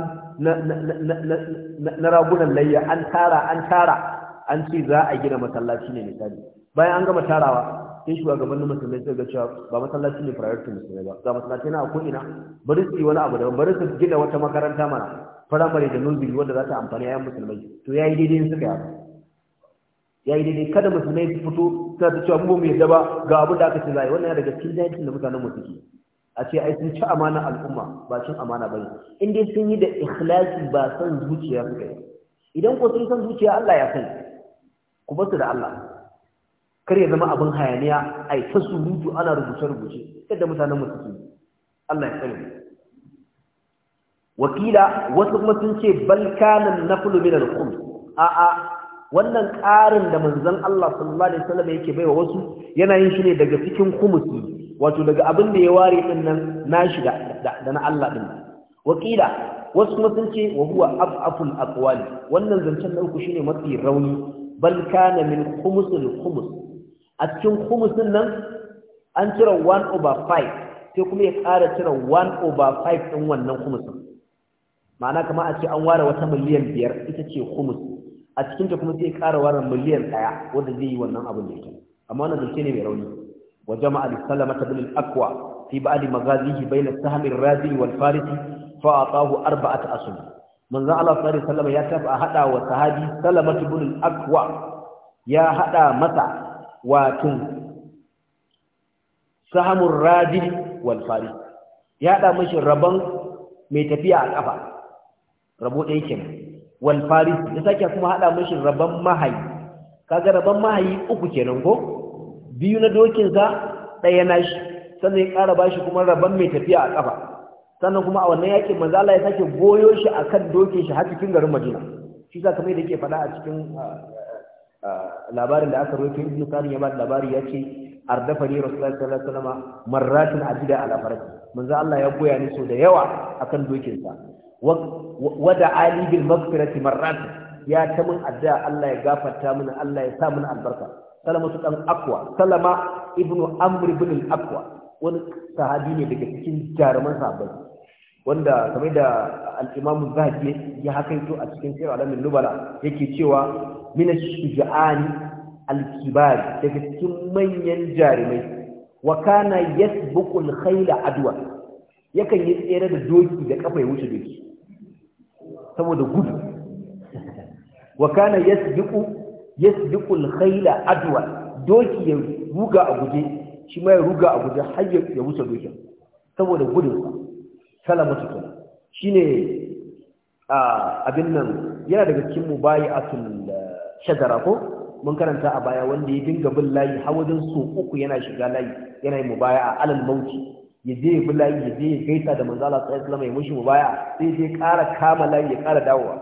na ragunan layya an tara an tara an ce za a gina masallaci ne misali bayan an gama tarawa sai shugabannin musulmai suka ga cewa ba masallaci ne priority musulmai ba ga masallaci na a ko'ina bari su yi wani abu daban bari su gina wata makaranta mana firamare da nursery wanda za ta amfani ayan musulmai to yayi daidai suka yi ya yi daidai kada musulmai su fito suna ta cewa mu mu yadda ba ga abu da aka ce zai wannan daga cikin jahilcin da mutanen mu suke a ce ai sun ci amana al'umma ba cin amana bane in dai sun yi da ikhlasi ba san zuciya suka yi idan ko sun san zuciya Allah ya sani ku basu da Allah kar ya zama abin hayaniya ai ta surutu ana rubuce-rubuce yadda mutanen musu ke Allah ya sani wakila wasu kuma sun ce Balkanin naflu min al-khum a a wannan ƙarin da manzon Allah sallallahu alaihi wasallam yake baiwa wasu yana yin shi ne daga cikin kumusi wato daga abin da ya ware din nan na da da na Allah din wakila wasu kuma sun ce wa huwa af'aful aqwali wannan zancen na uku shine mafi rauni bal kana min khumusul khumus a cikin khumusin nan an cire 1 over 5 sai kuma ya ƙara cire 1 over 5 din wannan khumusin ma'ana kamar a ce an ware wata miliyan biyar ita ce khumus a cikin ta kuma sai ya ƙara ware miliyan ɗaya wanda zai yi wannan abin da ita amma wannan zance ne mai rauni wa jama'a salamata bin al-aqwa fi ba'd magazihi bayna as-sahm ar-razi wal farisi fa ataahu arba'ata asnaf manzo Allah sallallahu alaihi wasallam ya tafi a hada wa sahabi Salamatu ibn al-Aqwa ya hada masa watun sahamur rajid wal Farid ya hada mishi rabon mai tafiya a kafa rabo ɗaya kenan wal Farid ya sake kuma hada mishi rabon mahayi kaga rabon mahayi uku kenan ko biyu na dokin sa ɗaya nashi shi sannan ya ƙara bashi kuma rabon mai tafiya a kafa sannan kuma a wannan yakin manzo Allah ya sake goyo shi akan dokin shi har cikin garin Madina shi za kamar da yake faɗa a cikin labarin da aka rawaito Ibn Sari ya ba labari ya ce ardafani Rasulullahi sallallahu alaihi wasallam marratin ajida ala farasi manzo Allah ya goya ni so da yawa akan dokin sa wada ali bil maghfirati marrat ya ta mun addu'a Allah ya gafarta mana, Allah ya sa mana albarka salama su dan akwa salama ibnu amr ibn al akwa wani sahabi ne daga cikin jaruman sahabbai wanda kamar da al-Imam Zahabi ya hakaito a cikin Sirr Alamin Nubala yake cewa min shujaan al-kibar daga cikin manyan jarumai wa kana yasbuqu al-khayla adwa yakan yi tsere da doki da kafa ya wuce doki saboda gudu wa kana yasbiqu yasbiqu al-khayla adwa doki ya ruga a guje shi ma ya ruga a guje har ya wuce doki, saboda gudu. shi ne shine abin nan yana daga cikin mubayi'atul eh, shajara ko mun karanta a baya wanda ya dinga bin layi har wajen so uku yana shiga layi yana yin a alal mauti ya je ya bi layi ya je ya gaisa da manzo Allah sallallahu alaihi wasallam ya mushi mubaya'a sai je ƙara kama layi ya ƙara dawowa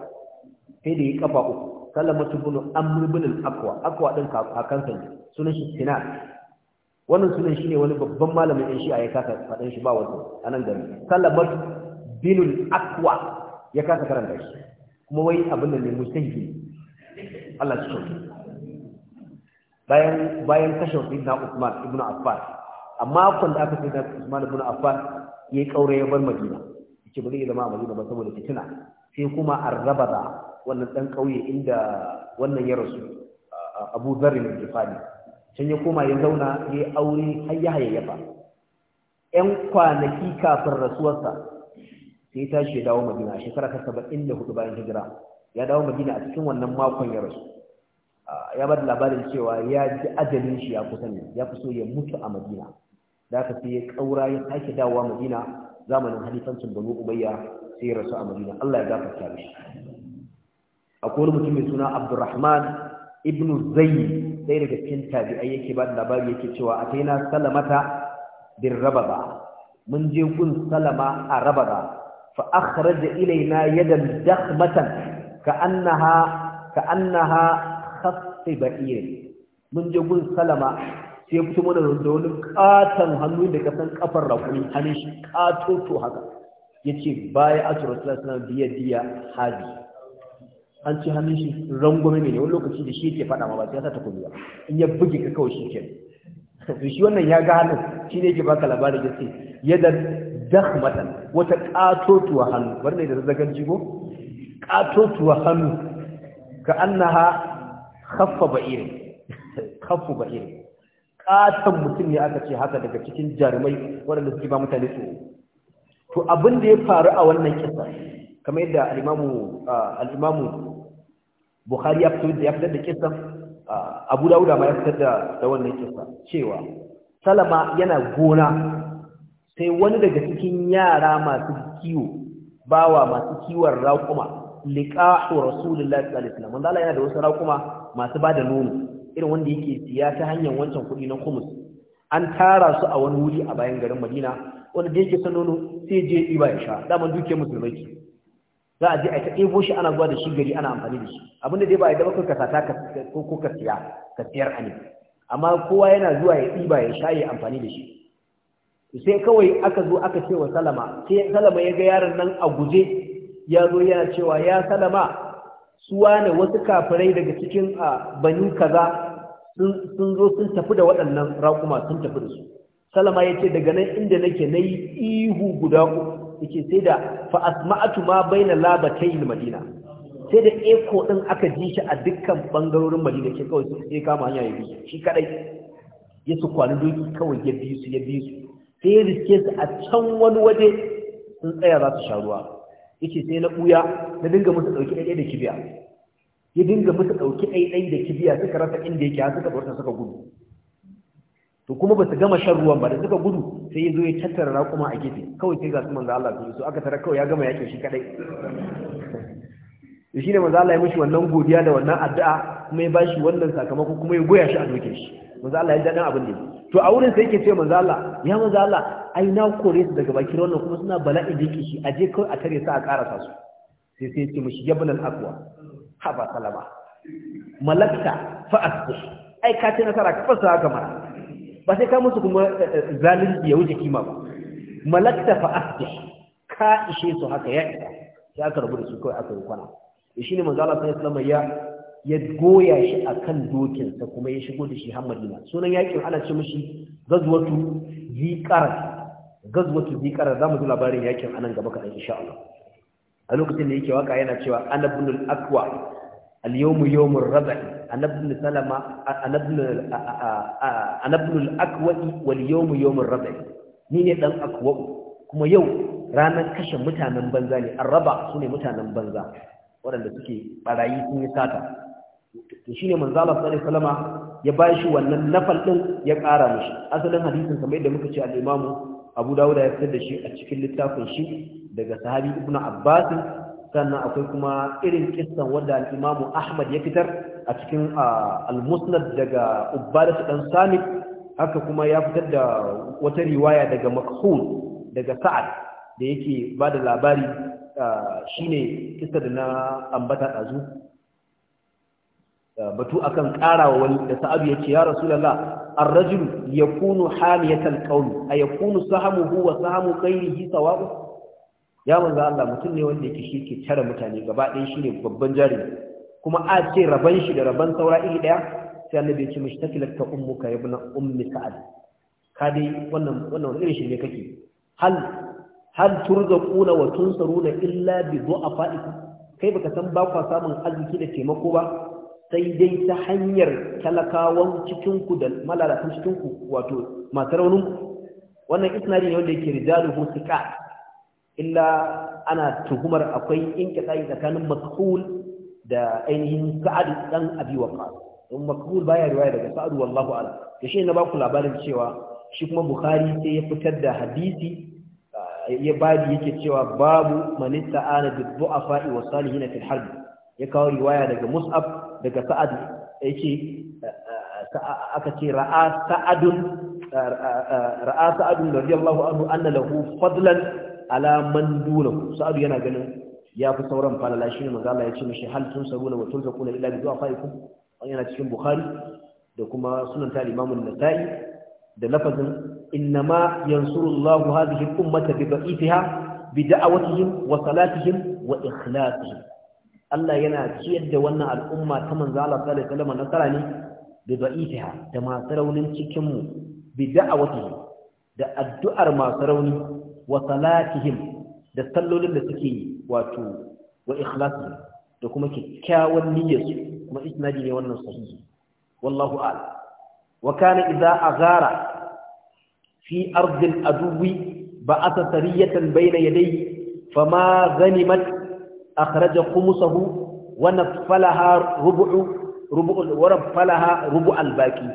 sai da ya kafa uku kala bin amr bin al-aqwa aqwa din kakansa sunan shi sinan wannan sunan shine wani babban malamin ɗan shi'a ya kasa faɗin shi ba wato a nan gari salamat binul akwa ya kasa karanta shi kuma wai abin da ne mustahi Allah shi shauki bayan bayan kashe sayyidina Usman ibn Affan amma kun da aka sayyidina Usman ibn Affan yi kaure ya bar Madina yace ba zai zama a Madina ba saboda fitina sai kuma arrabada wannan dan kauye inda wannan ya rasu Abu Dharr al-Ghifari can ya koma ya zauna ya aure har ya hayayyafa ƴan kwanaki kafin rasuwarsa sai ya tashi ya dawo madina a shekara ta saba'in da hudu bayan hijira ya dawo madina a cikin wannan makon ya rasu ya bada labarin cewa ya ji ajalin shi ya kusa ne ya fi so ya mutu a madina da aka sai ya kaura ya sake dawowa madina zamanin halifancin banu ubayya sai ya rasu a madina allah ya gafarta mishi akwai wani mutum mai suna abdurrahman ibn zayd ɗaya daga cikin tabi'ai yake ba labari yake cewa a taina salamata bin rababa mun je gun salama a rababa fa akhraja ilaina yadan dakhmatan ka annaha ka annaha khasfi ba'ir mun je gun salama sai fito mana da wani katon hannu da kasan kafar rakuni hannun shi katoto haka yace baya asu rasulullahi sallallahu alaihi wasallam biyadiya hadi an ci hannun shi rangwame ne wani lokaci da shi ke faɗa ma ba sai ya sa in ya buge ka kawai shi ke to shi wannan ya ga shi ne ke baka labarin ya ce yadda dakhmatan wata katotuwa hannu wannan da zagan jigo katotuwa hannu ka annaha khaffa ba'ir khaffu ba'ir katan mutum ne aka ce haka daga cikin jarumai waɗanda suke ba mutane su. to abin da ya faru a wannan kisa kamar yadda al'imamu uh, bukhari ya fito da ya fitar da kissa abu Dawud ma ya fitar da da wannan kissa cewa salama yana gona sai wani daga cikin yara masu kiwo bawa masu kiwon raƙuma liqa'u rasulullahi sallallahu alaihi wasallam yana da wasu raƙuma masu bada nono irin wanda yake siya ta hanyar wancan kuɗi na kumus an tara su a wani wuri a bayan garin Madina wanda da yake son nono sai je ɗiba ya sha daman dukiyar musulmai za a je a ta ɗebo shi ana zuwa da shi gari ana amfani da shi abin da dai ba a yi ka sata ko ko siya ka siyar a ne amma kowa yana zuwa ya ɗiba ya sha ya amfani da shi sai kawai aka zo aka ce wa salama sai salama ya ga yaron nan a guje ya zo yana cewa ya salama su wane wasu kafirai daga cikin a bani kaza sun zo sun tafi da waɗannan raƙuma sun tafi da su salama ya ce daga nan inda nake na yi ihu guda uku yake sai da fa asma'atu ma baina labatayil madina sai da eko din aka ji shi a dukkan bangarorin madina ke kawai sai kama hanya ya bi shi kadai ya su kwani doki kawai ya bi su ya bi su sai ya riske su a can wani waje sun tsaya za su sha ruwa yace sai na buya na dinga musu dauki ɗaya da kibiya ya dinga musu dauki ɗaya da kibiya suka rasa inda yake suka bar suka gudu to kuma ba su gama shan ruwan ba da suka gudu sai ya zo ya tattara raƙuma a gefe kawai sai ga su manzo Allah su aka tara kawai ya gama kyau shi kadai shi shine manzo Allah ya mishi wannan godiya da wannan addu'a kuma ya bashi wannan sakamako kuma ya goya shi a dokin shi manzo Allah ya ji dan abin ne to a wurin sai yake ce manzo Allah ya manzo Allah ai na kore su daga bakin wannan kuma suna bala'i dake shi a je kawai a tare su a karasa su sai sai ya ce mishi yabna al-aqwa haba salama malakta fa asbih ai ka ci nasara ka fasa haka mara ba sai ka musu kuma eh, eh, zalunci ya wuce kima ba malakta fa asbih ka ishe su haka ya isa sai aka rabu da su kawai aka yi kwana shi ne manzo Allah sallallahu alaihi wasallam ya goya shi akan dokinsa kuma ya shigo da shi har Madina sunan yakin ana ce mishi gazwatu ziqar gazwatu za zamu ji labarin yakin anan gaba kadan insha Allah a lokacin da yake waka yana cewa anabnul akwa al-yawmu yawmur rab'i anabnu salama anabnu anabnu ni ne dan aqwa kuma yau ranar kashe mutanen banza ne arraba sune mutanen banza waɗanda suke barayi sun yi sata to shine manzo Allah sallallahu alaihi wasallama ya bashi wannan nafal ɗin? ya ƙara mishi asalin hadisin kamar da muka ce al-imamu Abu Dawud ya fitar da shi a cikin littafin shi daga sahabi Ibn Abbas sannan akwai kuma irin kissan wanda al Ahmad ya fitar a cikin al-Musnad daga Ubbada ɗan Samit haka kuma ya fitar da wata riwaya daga Makhul daga Sa'ad da yake ba da labari shine kissa da na ambata dazu batu akan karawa wani da sa'adu ya ce ya Rasulullah ar-rajul yakunu hamiyatan qawl ayakunu sahamuhu wa sahamu ghayrihi sawa'u ya manzo Allah mutum ne wanda yake shi ke tare mutane gaba ɗaya shine babban jari. kuma a ce raban shi da raban saura iri ɗaya sai annabi ya ce mishi takilatka ummuka ya bina ummi sa'ad ka dai wannan wannan irin shi ne kake hal hal turzaquna wa tunsaruna illa bi du'afaikum kai baka san ba kwa samun arziki da taimako ba sai dai ta hanyar talakawan cikin ku da malalatan cikin ku wato masu raunin wannan isnadi ne wanda yake rijaluhu thiqat illa ana tuhumar akwai inkisai tsakanin makhul da ainihin sa'ad dan abi waqas don makhul baya riwaya daga sa'ad wallahu ala to shi na ba ku labarin cewa shi kuma bukhari sai ya fitar da hadisi eh, ya badi yake cewa babu man ista'ana bi du'afa wa salihin fil harb ya kawo riwaya daga mus'ab daga sa'ad yake eh, eh, aka ce ra'a sa'adu ra'a sa'adun radiyallahu anhu anna lahu fadlan alaman Duna sa'adu yana ganin ya fi sauran falala shi ne manzo Allah ya ce mishi hal tunsaruna wa turzaquna illa bi du'afaikum yana cikin bukhari da kuma sunan ta na nasa'i da lafazin innama yansurullahu hadhihi al-ummata bi ba'ithiha bi da'awatihim wa salatihim wa ikhlasihim Allah yana ciyar da wannan al'umma ta manzo Allah sallallahu alaihi wasallam nasara ne bi ba'ithiha da masu raunin cikin mu bi da'awatihim da addu'ar masu rauni wa salatihim da sallolin da suke yi wato wa ikhlas da kuma kyakkyawan niyyarsu kuma isnadi ne wannan sahihi wallahu a'lam wa kana idza azara fi ardil aduwi ba'atha sariyatan bayna yadayhi fama ghanimat akhraja khumsahu ونفلها ربع ربع ونفلها ربع الباقي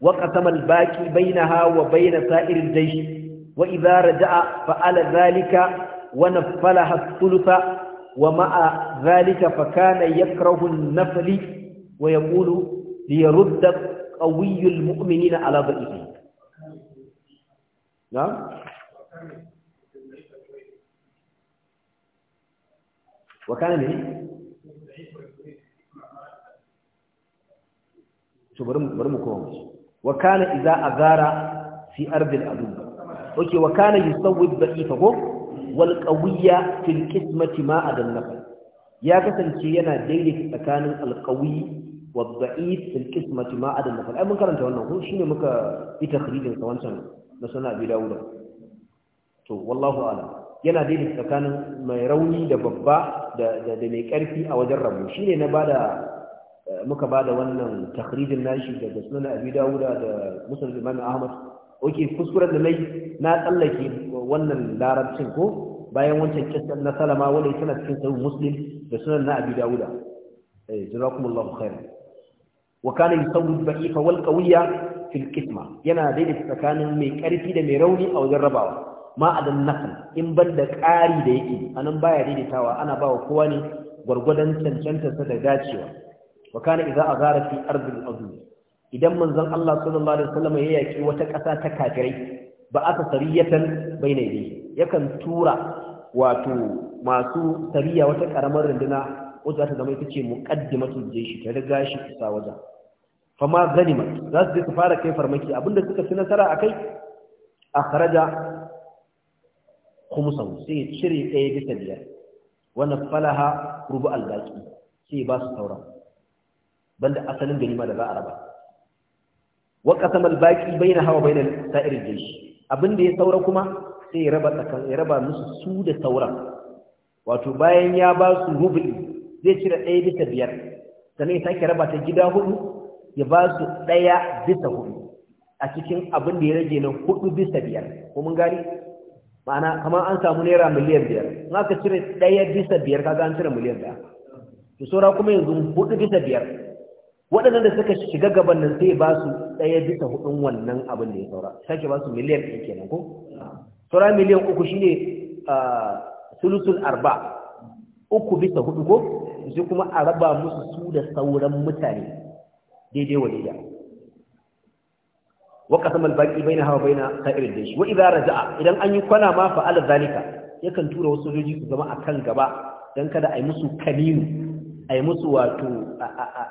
وقسم الباقي بينها وبين سائر الجيش وإذا رجع فعل ذلك ونفلها الثلث ومع ذلك فكان يكره النفل ويقول ليرد قوي المؤمنين على ضعيفهم نعم وكان من شو برمو برمو وكان إذا أذار في أرض الأدوبة oke wa kana yusawwi da'ifa ko Walƙawiyya qawiyya fil qismati ma adalla ya kasance yana daidaita tsakanin al wa da'if fil qismati ma adalla ai mun karanta wannan ko shine muka yi takhrijin sa wancan na sunan abi dawud to wallahu a'lam yana daidaita tsakanin mai rauni da babba da da mai karfi a wajen rabu shine na bada eh, muka bada wannan takhrijin nashi daga sunan abi dawud da musnad imam ahmad oke kuskuren da mai na tsallake wannan larabcin ko bayan wancan kisan na salama wanda ya tana cikin sahih muslim da sunan na abi dawuda eh jazakumullahu khairan wa kana yusawwi al wal qawiyya fil qisma yana daidai tsakanin mai karfi da mai rauni a wajen rabawa ma adan nafl in ban da ƙari da yake anan baya daidaitawa ana bawa kowa ne gwargwadon cancantarsa da dacewa wa kana idza azara fi ardil azmi idan manzon Allah sallallahu alaihi wasallam ya yaki wata ƙasa ta kafirai ba aka sariyatan baina yadi yakan tura wato masu sariya wata karamar runduna wacce ta zama ita ce muqaddimatul jeshi ta riga shi kusa wajen fama ganimat za su su fara kai farmaki abinda suka fi nasara akai akhraja khumsan sai cire ɗaya bisa biyar wannan falaha rubu albaki sai ba su sauran banda asalin ganima da za a raba wa qasamal baqi bainaha wa bainal sa'ir al-jaysh abin da ya saura kuma sai ya raba tsakan ya raba musu su da sauran wato bayan ya ba su rubli zai cire ɗaya bisa biyar sannan ya sake raba ta gida hudu ya ba su ɗaya bisa hudu a cikin abin da ya rage na hudu bisa biyar ko mun gani ma'ana kamar an samu naira miliyan biyar in aka cire ɗaya bisa biyar kaga an cire miliyan ɗaya to saura kuma yanzu hudu bisa biyar waɗannan da suka shiga gaban nan sai ba su ɗaya bisa hudun wannan abin da ya saura sake ba su miliyan ɗaya kenan ko saura miliyan uku shine sulusul arba uku bisa hudu ko sai kuma a raba musu su da sauran mutane daidai wa daidai wa malbaƙi bai na hawa bai na ta'irin da shi wa idha za'a, idan an yi kwana ma fa'alar zalika yakan tura wasu sojoji su zama a kan gaba don kada a yi musu kaninu a yi musu wato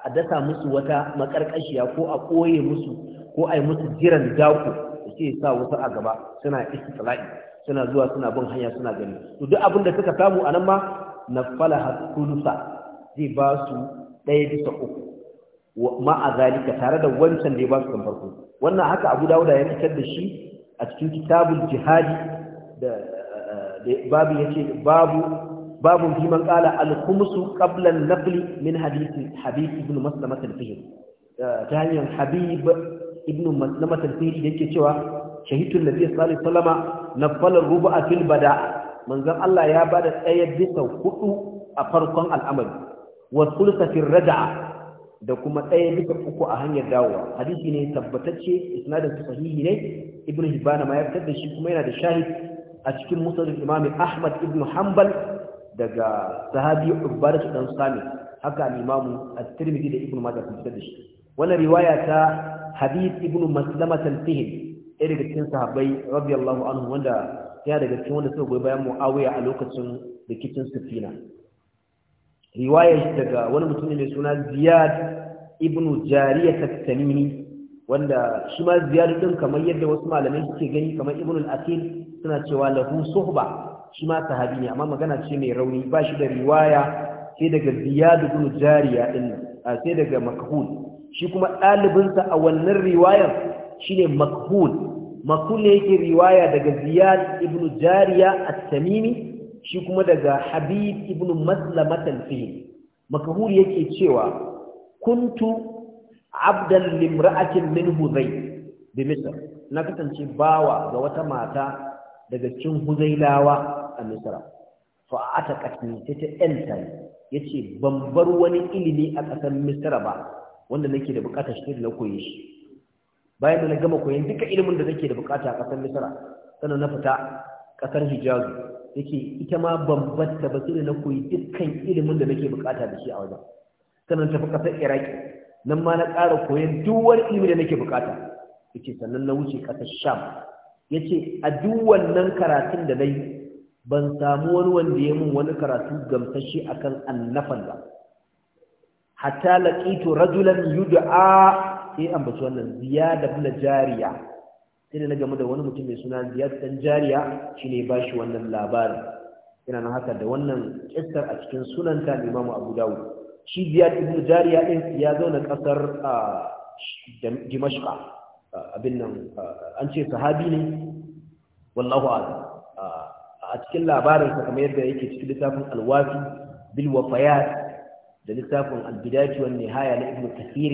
a dasa musu wata makarƙashiya ko a ɓoye musu ko a yi musu jiran dako da ke sa wasu a gaba suna tsala'i, suna zuwa suna bin hanya suna gani to duk abin da suka samu a nan ma na falaha kulusa zai ba su ɗaya bisa uku a zalika tare da wancan da ya ba su kan farko wannan haka abu dawuda ya fitar da shi a cikin kitabul jihadi da babu ya ce babu babu fi man qala al-khumsu qabla an-nafl min hadith habib ibn maslama al ta hanyar habib ibn maslama al-fihri yake cewa shahidul nabi sallallahu alaihi wasallama nafala ruba'a fil bada manzon Allah ya bada tsayar bisa hudu a farkon al'amari wa thulutha fil da kuma ɗaya bisa uku a hanyar dawo." hadisi ne tabbatacce isnadin su sahihi ne ibnu hibana ma ya fitar da shi kuma yana da shahid a cikin musnad imam ahmad ibnu Hambal. daga sahabi ubbadatu dan sami haka al-imam at-tirmidhi da ibnu majah sun fitar da shi wannan riwaya ta hadith ibnu maslama al sahabai ɗaya cikin sahabbai radiyallahu anhu wanda ya daga cikin wanda suka goyi bayan muawiya a lokacin rikicin sufina riwaya daga wani mutum ne mai suna ziyad ibnu Jariya at wanda shi ma ziyar din kamar yadda wasu malamai suke gani kamar ibn al-akil suna cewa lahu suhba shi ma sahabi ne amma magana ce mai rauni ba shi da riwaya sai daga Ziyadu bin jariya din sai daga makhul shi kuma ɗalibinsa a wannan riwayar shine makhul makhul ne yake riwaya daga ziyad ibn jariya at-tamimi shi kuma daga habib ibn maslamat al-fihri makhul yake cewa kuntu abdan limra'atin min huzay bi misr na kasance bawa ga wata mata daga cikin huzailawa a misra fa ata katni sai ta yanta yace ban bar wani ilimi a ƙasar misira ba wanda nake da bukatar shi da na koyi shi bayan da na gama koyon duka ilimin da nake da bukata a ƙasar misira. sannan na fita ƙasar hijaz yake ita ma ban ta basu da na koyi dukkan ilimin da nake bukata da shi a wajen sannan tafi ƙasar iraki nan ma na ƙara koyon duk wani ilimi da nake bukata yace sannan na wuce ƙasar sham yace a duk wannan karatun da nayi ban samu wani wanda ya mun wani karatu gamsashe akan annafan ba hatta laqitu rajulan yud'a sai bace wannan ziyad ibn jariya sai na game da wani mutum mai suna ziyad dan jariya shine bashi wannan labarin yana nan haka da wannan kissar a cikin sunan ta Imam Abu Dawud shi ziyad ibn jariya din ya zauna kasar Dimashqa. abin nan an ce sahabi ne wallahu a'lam a cikin labarinsa kamar yadda yake cikin littafin alwafi bil wafayat da littafin albidati wan nihaya na ibnu kathir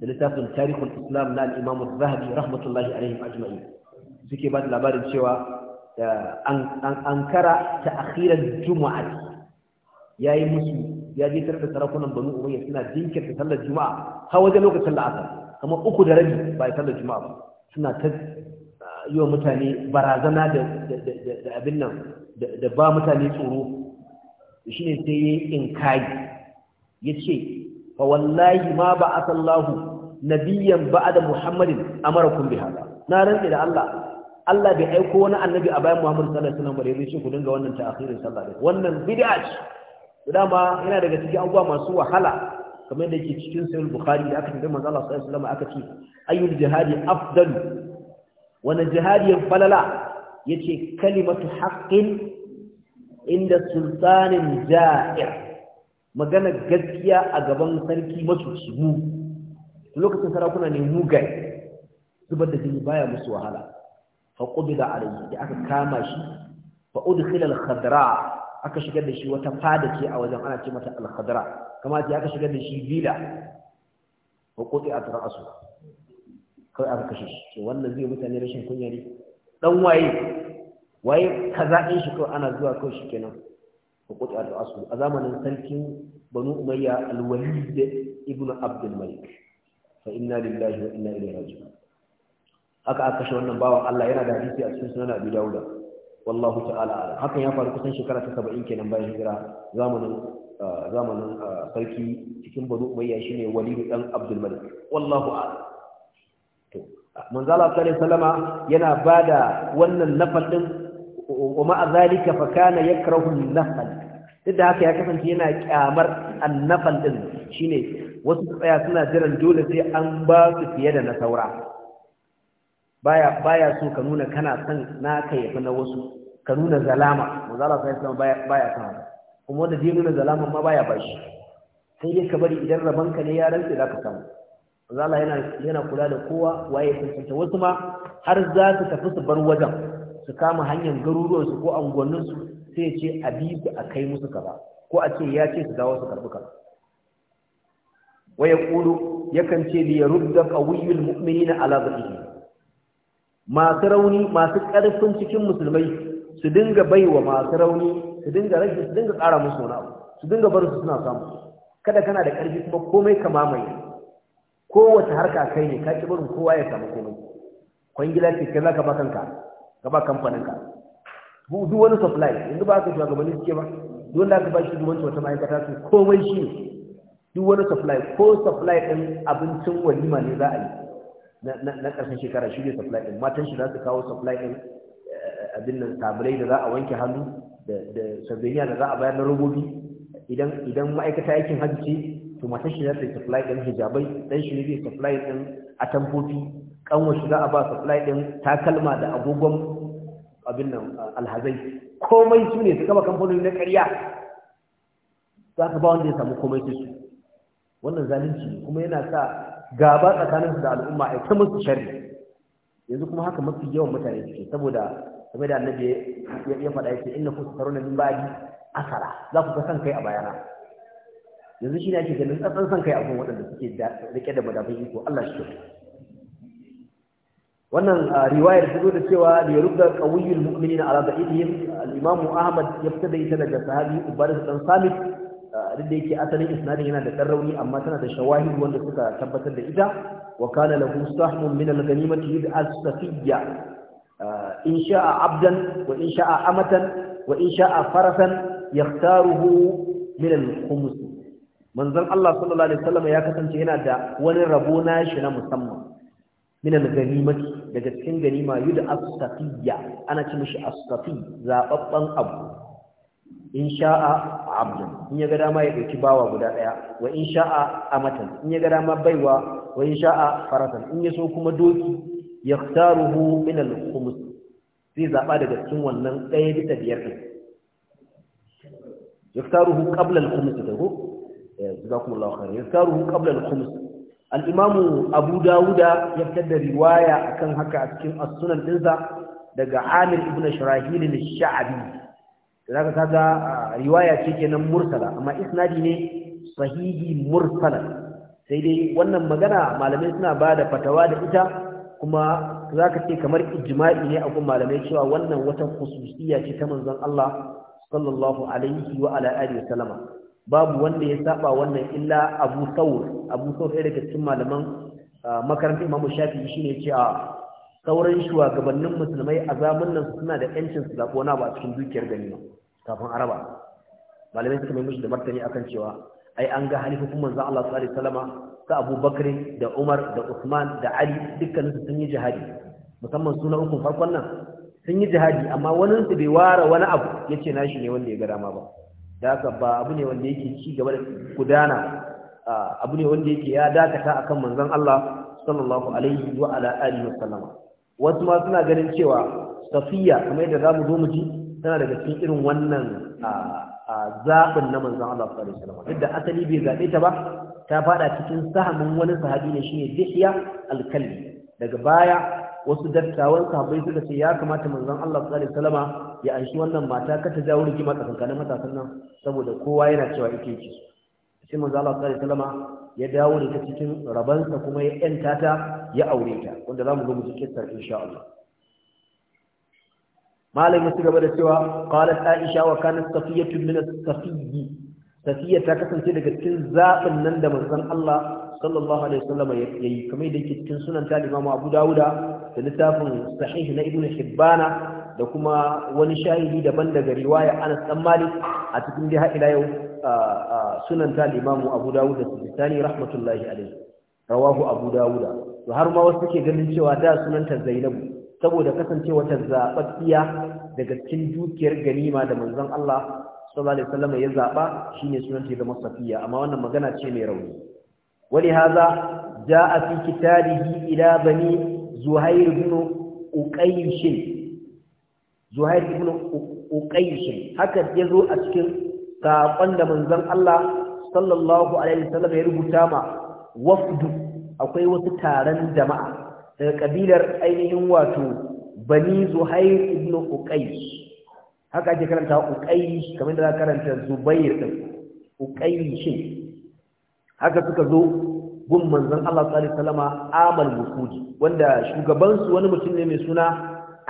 da littafin tarihul islam na al-imam az-zahabi rahmatullahi alaihim ajma'in suke ba da labarin cewa eh, ankara ta akhiran juma'a yayi musu ya je tare da sarakunan banu umayya suna jinkirta sallar juma'a har wajen lokacin la'asar kamar uku da rabi ba sallar juma'a ba suna ta yi wa mutane barazana da abin nan da ba mutane tsoro shi ne sai ya inkayi ya ce fa wallahi ma ba a sallahu nabiyan ba da muhammadin amara kun bi hada na rantse da Allah Allah bai aiko wani annabi a bayan Muhammad sallallahu alaihi wasallam bare zai ce ku dinga wannan ta'akhirin sallah wannan bid'a ce dama yana daga cikin abubuwa masu wahala kamar da yake cikin sahih bukhari da aka tambaye manzo Allah sallallahu alaihi wasallam aka ce ayyul jihadi afdalu wani jihadiyar falala ya ce kalimatu haƙƙin inda sultanin ja'ir magana gaskiya a gaban sarki masuci mu lokacin sarakuna ne mugaye zubar da jini baya musu wahala faƙubi da alayhi da aka kama shi fa'udkhil al-khadra aka shigar da shi wata fada ce a wajen ana ce mata al-khadra kama ce aka shigar da shi bila wa qati atrasu kawai aka kashe shi ce wannan zai mutane rashin kunya ne dan waye waye kaza din shi kawai ana zuwa kawai kenan? ko kuta da asu a zamanin sarkin banu umayya al da ibn abdul malik fa inna lillahi wa inna ilaihi raji'un haka aka kashe wannan bawan Allah yana da hadisi a cikin sunan Abi Dawud wallahu ta'ala ala hakan ya faru kusan shekara ta 70 kenan bayan hijira zamanin ah, zamanin ah, sarki cikin banu umayya shine walid dan abdul malik wallahu a'lam manzala sallallahu alaihi wasallama yana bada wannan nafadin din kuma azalika fa kana yakrahu an-nafal duk da haka ya kasance yana kyamar an-nafal din shine wasu tsaya suna jiran dole sai an ba su fiye da na saura baya baya so ka nuna kana son naka yafi na wasu ka nuna zalama manzala sallallahu alaihi wasallama baya baya son kuma wanda zai nuna zalama ma baya bashi sai dai ka bari idan rabanka ne ya rantsa zaka samu Allah yana yana kula da kowa waye tantance wasu ma har za su tafi su bar wajen su kama hanyar garuruwan su ko angonnin su sai ce a bi su a kai musu kaza ko a ce ya ce su dawo su karbi kaza wa yaqulu yakan ce li yurda qawiyul mu'minina ala dhahihi masu rauni masu karfin cikin musulmai su dinga baiwa masu rauni su dinga rage su dinga ƙara musu wani abu su dinga bar su suna samu kada kana da ƙarfi kuma komai ka mamaye kowace harka kai ne ka ki barin kowa ya samu komai kwangila ce za zaka ba kanka ka ba kamfanin ka duk wani supply yanzu ba ka gabanin suke ba da aka ba shi duwanci wata ma'aikata su komai shi ne duk wani supply ko supply din abincin walima ne za a yi na ƙarshen shekara shi ne supply din matan shi za su kawo supply din eh, abin nan sabulai da za a wanke hannu da sabbiya da za a bayar na robobi idan ma'aikata yakin hajji to mata shi za supply ɗin hijabai dan shi ne zai supply ɗin tamfofi kanwa shi za a ba supply ɗin takalma da agogon abin nan alhazai komai su ne su kama kamfanoni na karya, za ka ba wanda ya samu komai su su wannan zalunci kuma yana sa gaba tsakaninsu da al'umma a ta musu sharri yanzu kuma haka mafi yawan mutane suke saboda game da annabi ya faɗa yake inna kusa tarona min ba'di asara za ku ga san kai a bayana yanzu shi ne ake ganin tsatsan san kai a kan waɗanda suke rike da madafin iko Allah shi wannan ah, riwayar ta zo da cewa da ya rubda qawiyyul mu'minina ala da'ifihim al-imam Ahmad ya fita da ita daga sahabi Ubadah dan Samit ah, duk da yake asalin isnadin yana da ɗan rauni amma tana da shawahid wanda suka tabbatar da ita wa kana lahu sahmun min al-ghanimati yud'a safiyya ah, in sha'a abdan wa in sha'a amatan wa in sha'a farasan yaktaruhu min al manzon Allah sallallahu alaihi wasallam ya kasance yana da wani rabo nashi na musamman min al-ganimati daga cikin ganima yud as-safiya ana ce mishi as-safi zababban abu in sha'a abdun in ya ga dama ya dauki bawa guda daya wa in sha'a amatan in ya ga dama baiwa wa in sha'a faratan in ya so kuma doki yaktaruhu min al-khums zai zaba daga cikin wannan daya bisa biyar din yaktaruhu qabla al-khums da ko جزاكم الله خير يذكره قبل الخمس الإمام أبو داود يبتد رواية كان هكا أتكين السنن إنسا دقى عامر ابن شراهيل الشعبي لذلك هذا رواية كيكينا مرسلة أما إسنادي ني صحيحي مرسلة سيدي وانا مغانا معلمين سنا بعد فتوى دقيتا كما ذاك تي كمر إجماعي ني أقول معلمين شوى وانا وتن خصوصية كما الله صلى الله عليه وعلى آله وسلم babu wanda ya saba wannan illa abu saur abu saur ɗaya daga cikin malaman makarantar imamu shafi shi ne ce a sauran shugabannin musulmai a zamanin nan suna da yancin su zaɓo na ba cikin dukiyar ganima kafin araba malamai suka mai mushi da martani akan cewa ai an ga kuma manzon Allah sallallahu alaihi wasallama ta Abu Bakr da Umar da Usman da Ali dukkan su sun yi jihadi musamman su na ukun farkon nan sun yi jihadi amma wani su bai ware wani abu yace nashi ne wanda ya ga dama ba da haka ba abu ne wanda yake ci gaba da gudana abu ne wanda yake ya dakata akan manzon Allah sallallahu alaihi wa ala alihi wa sallama wasu ma suna ganin cewa safiya kamar yadda zamu zo mu ji tana daga cikin irin wannan zaɓin na manzon Allah sallallahu alaihi wa sallama duk da asali bai zaɓe ta ba ta faɗa cikin sahamin wani sahabi ne shine dihiya al daga baya wasu dattawan sahabbai suka ce ya kamata manzon Allah sallallahu alaihi wasallam ya anshi wannan mata ka ta jawo rigima tsakankanin matasan nan saboda kowa yana cewa ita yake sai manzon Allah sallallahu alaihi wasallam ya dawo da ta cikin rabansa kuma ya yanta ta ya aure ta wanda zamu ga mu cikin sar insha Allah malamin su gaba da cewa qalat aisha wa kanat safiyatu min as-safiyyi safiyya ta kasance daga cikin zaɓin nan da manzon Allah sallallahu alaihi wasallam yayi kamar da yake cikin sunan ta Imam Abu Dawuda da littafin sahih na Ibn Hibbana da kuma wani shahidi daban daga riwaya Anas dan Malik a cikin da ila yau sunan ta Imam Abu Dawud da rahmatullahi alaihi rawahu Abu Dawuda to har ma wasu ke ganin cewa da sunanta Zainabu saboda kasancewa ta zabaffiya daga cikin dukiyar ganima da manzon Allah sallallahu alaihi wasallam ya zaba shine sunanta da Safiya amma wannan magana ce mai rauni ولهذا جاء في كتابه إلى بني زهير بن أقيش زهير بن أقيش هكذا يزو أشكر كأقل من ذن الله صلى الله عليه وسلم يربو تاما وفد أقوي وتتارن جماعة قبيلة أينهم واتو بني زهير بن أقيش haka ake karanta uqayyish kamar da karanta zubair din uqayyishin haka suka zo gun manzon Allah sallallahu alaihi wasallama amal mukudi wanda shugaban su wani mutum ne mai suna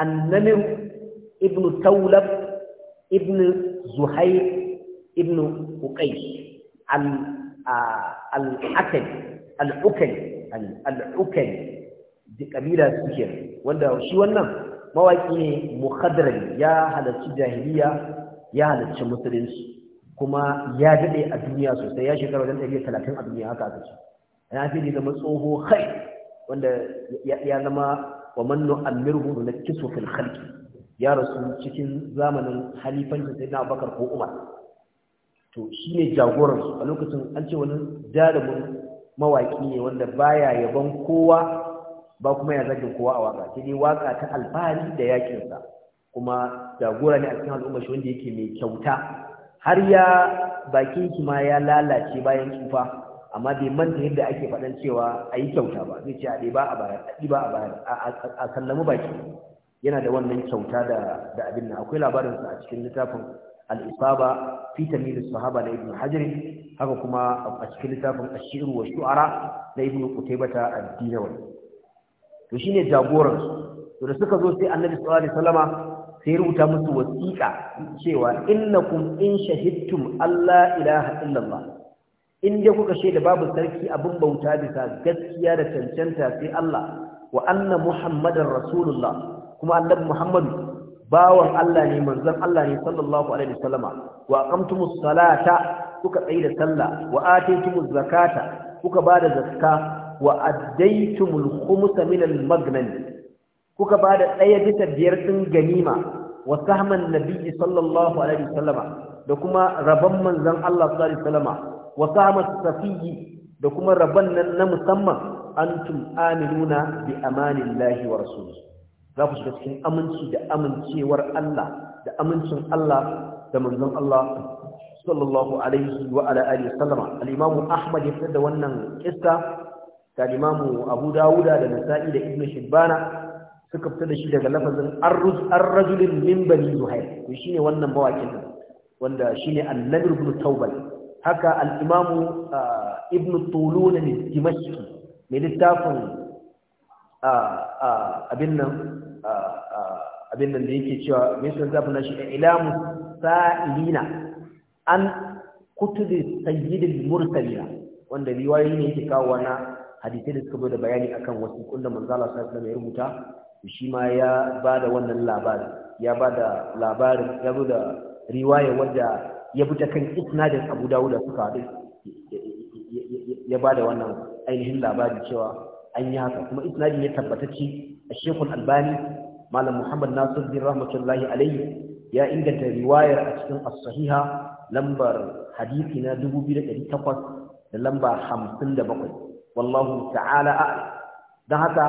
annamir ibn taulab ibn zuhair ibn uqay al al-akali al-ukali al-ukali da kabila suke wanda shi wannan mawaki ne ya halarci jahiliya ya halarci musulunci kuma ya daɗe a duniya sosai ya shekara wajen ɗari talatin a duniya haka aka ce yana fi ne zama tsoho kai wanda ya zama wa manno amirhu na kiso fil khalqi ya rasu cikin zamanin halifancin sai na bakar ko umar to shi ne jagoran a lokacin an ce wani jarumin mawaƙi ne wanda baya yaban kowa ba kuma ya zagin kowa a waka sai dai waka ta alfahari da yakin sa kuma jagora ne a cikin al'umma shi wanda yake mai kyauta har ya bakin shi ma ya lalace bayan tsufa amma bai manta yadda ake faɗan cewa ayi kyauta ba zai ce a ba a bayar a ba a bayar a sallamu baki yana da wannan kyauta da abin nan akwai labarin sa a cikin littafin al'isaba fi tamil sahaba na ibnu hajar haka kuma a cikin littafin ashiru wa shu'ara da ibnu qutaybata ad dinawi to shine jagoran to da suka zo sai annabi sallallahu alaihi wasallama sai rubuta musu wasiƙa cewa innakum in shahidtum Allah ilaha illallah in dai kuka shaida babu sarki abin bauta bisa gaskiya da cancanta sai Allah wa anna muhammadar rasulullah kuma annabi muhammadu bawan Allah ne manzon Allah ne sallallahu alaihi wasallama wa aqamtumus salata kuka tsaida sallah wa ataytumuz zakata kuka bada zakka wa addaytumul khumsa minal magnan kuka ba da ɗaya bisa biyar ɗin ganima wa sahman nabiyyi sallallahu alaihi wasallama da kuma rabon manzon Allah sallallahu alaihi wasallama wa sahmat safiyyi da kuma rabon nan na musamman antum aminuna bi amanillahi wa rasulihi za ku shiga cikin aminci da amincewar Allah da amincin Allah da manzon Allah sallallahu alaihi wa ala alihi wasallama al-imamu Ahmad ya fitar da wannan kissa da imamu Abu Dawuda da Nasa'i da Ibn Shibbana suka fita da shi daga lafazin ar-rajulin min bani zuhair to shine wannan bawakin nan wanda shine an-nadir ibn tawbal haka al-imamu ah, ibn tulun al-dimashqi mai littafin ah, ah, abin nan abin nan da yake cewa mai sun zafi nashi ilamu sa'ilina an kutubi sayyidil mursalina wanda riwayoyi ne yake kawo na hadisai da suka zo bayani akan wasu kullum manzala Allah sallallahu alaihi wasallam ya rubuta shi ma ya ba da wannan labarin ya ba da labarin ya zo da riwaya wadda ya bi ta kan isnadin abu dawud da suka haɗu ya ba da wannan ainihin labarin cewa an yi haka kuma isnadin ya tabbatacce a shekul albani malam muhammad nasir bin rahmatullahi alaihi ya inganta riwayar a cikin as-sahiha lambar hadisi na 2800 da lamba 57 wallahu ta'ala a'lam dan haka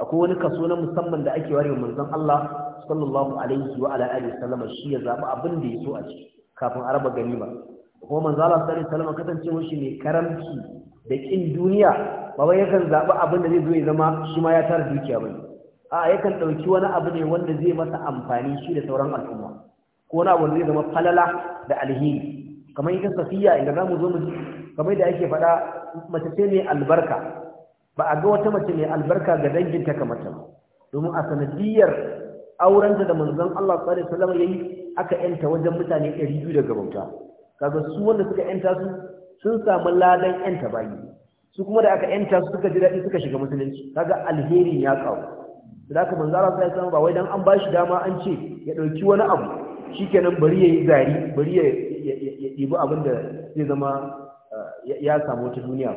akwai wani kaso na musamman da ake ware manzon Allah sallallahu alaihi wa ala alihi shi ya zabi abin da ya so a ci kafin a raba ganima kuma manzo Allah sallallahu alaihi wasallam kasance shi ne karamci da kin duniya ba wai yakan zaba abin da zai zo ya zama shi ma ya tara dukiya bane a yakan dauki wani abu ne wanda zai masa amfani shi da sauran al'umma ko wani abu zai zama falala da alheri kamar yakan safiya inda zamu zo mu kamar da ake faɗa mace ce mai albarka ba a ga wata mace mai albarka ga danginta kamar ta domin a sanadiyar aurenta da manzon Allah sallallahu alaihi wasallam yayi aka yanta wajen mutane 200 daga bauta kaga su wanda suka yanta su sun samu ladan yanta bayi su kuma da aka yanta su suka ji daɗi suka shiga musulunci kaga alheri ya kawo da haka manzon Allah sallallahu alaihi wasallam ba wai dan an bashi dama an ce ya dauki wani abu shikenan bari yayi zari bari ya ɗibi abinda da zai zama ya samu wata duniya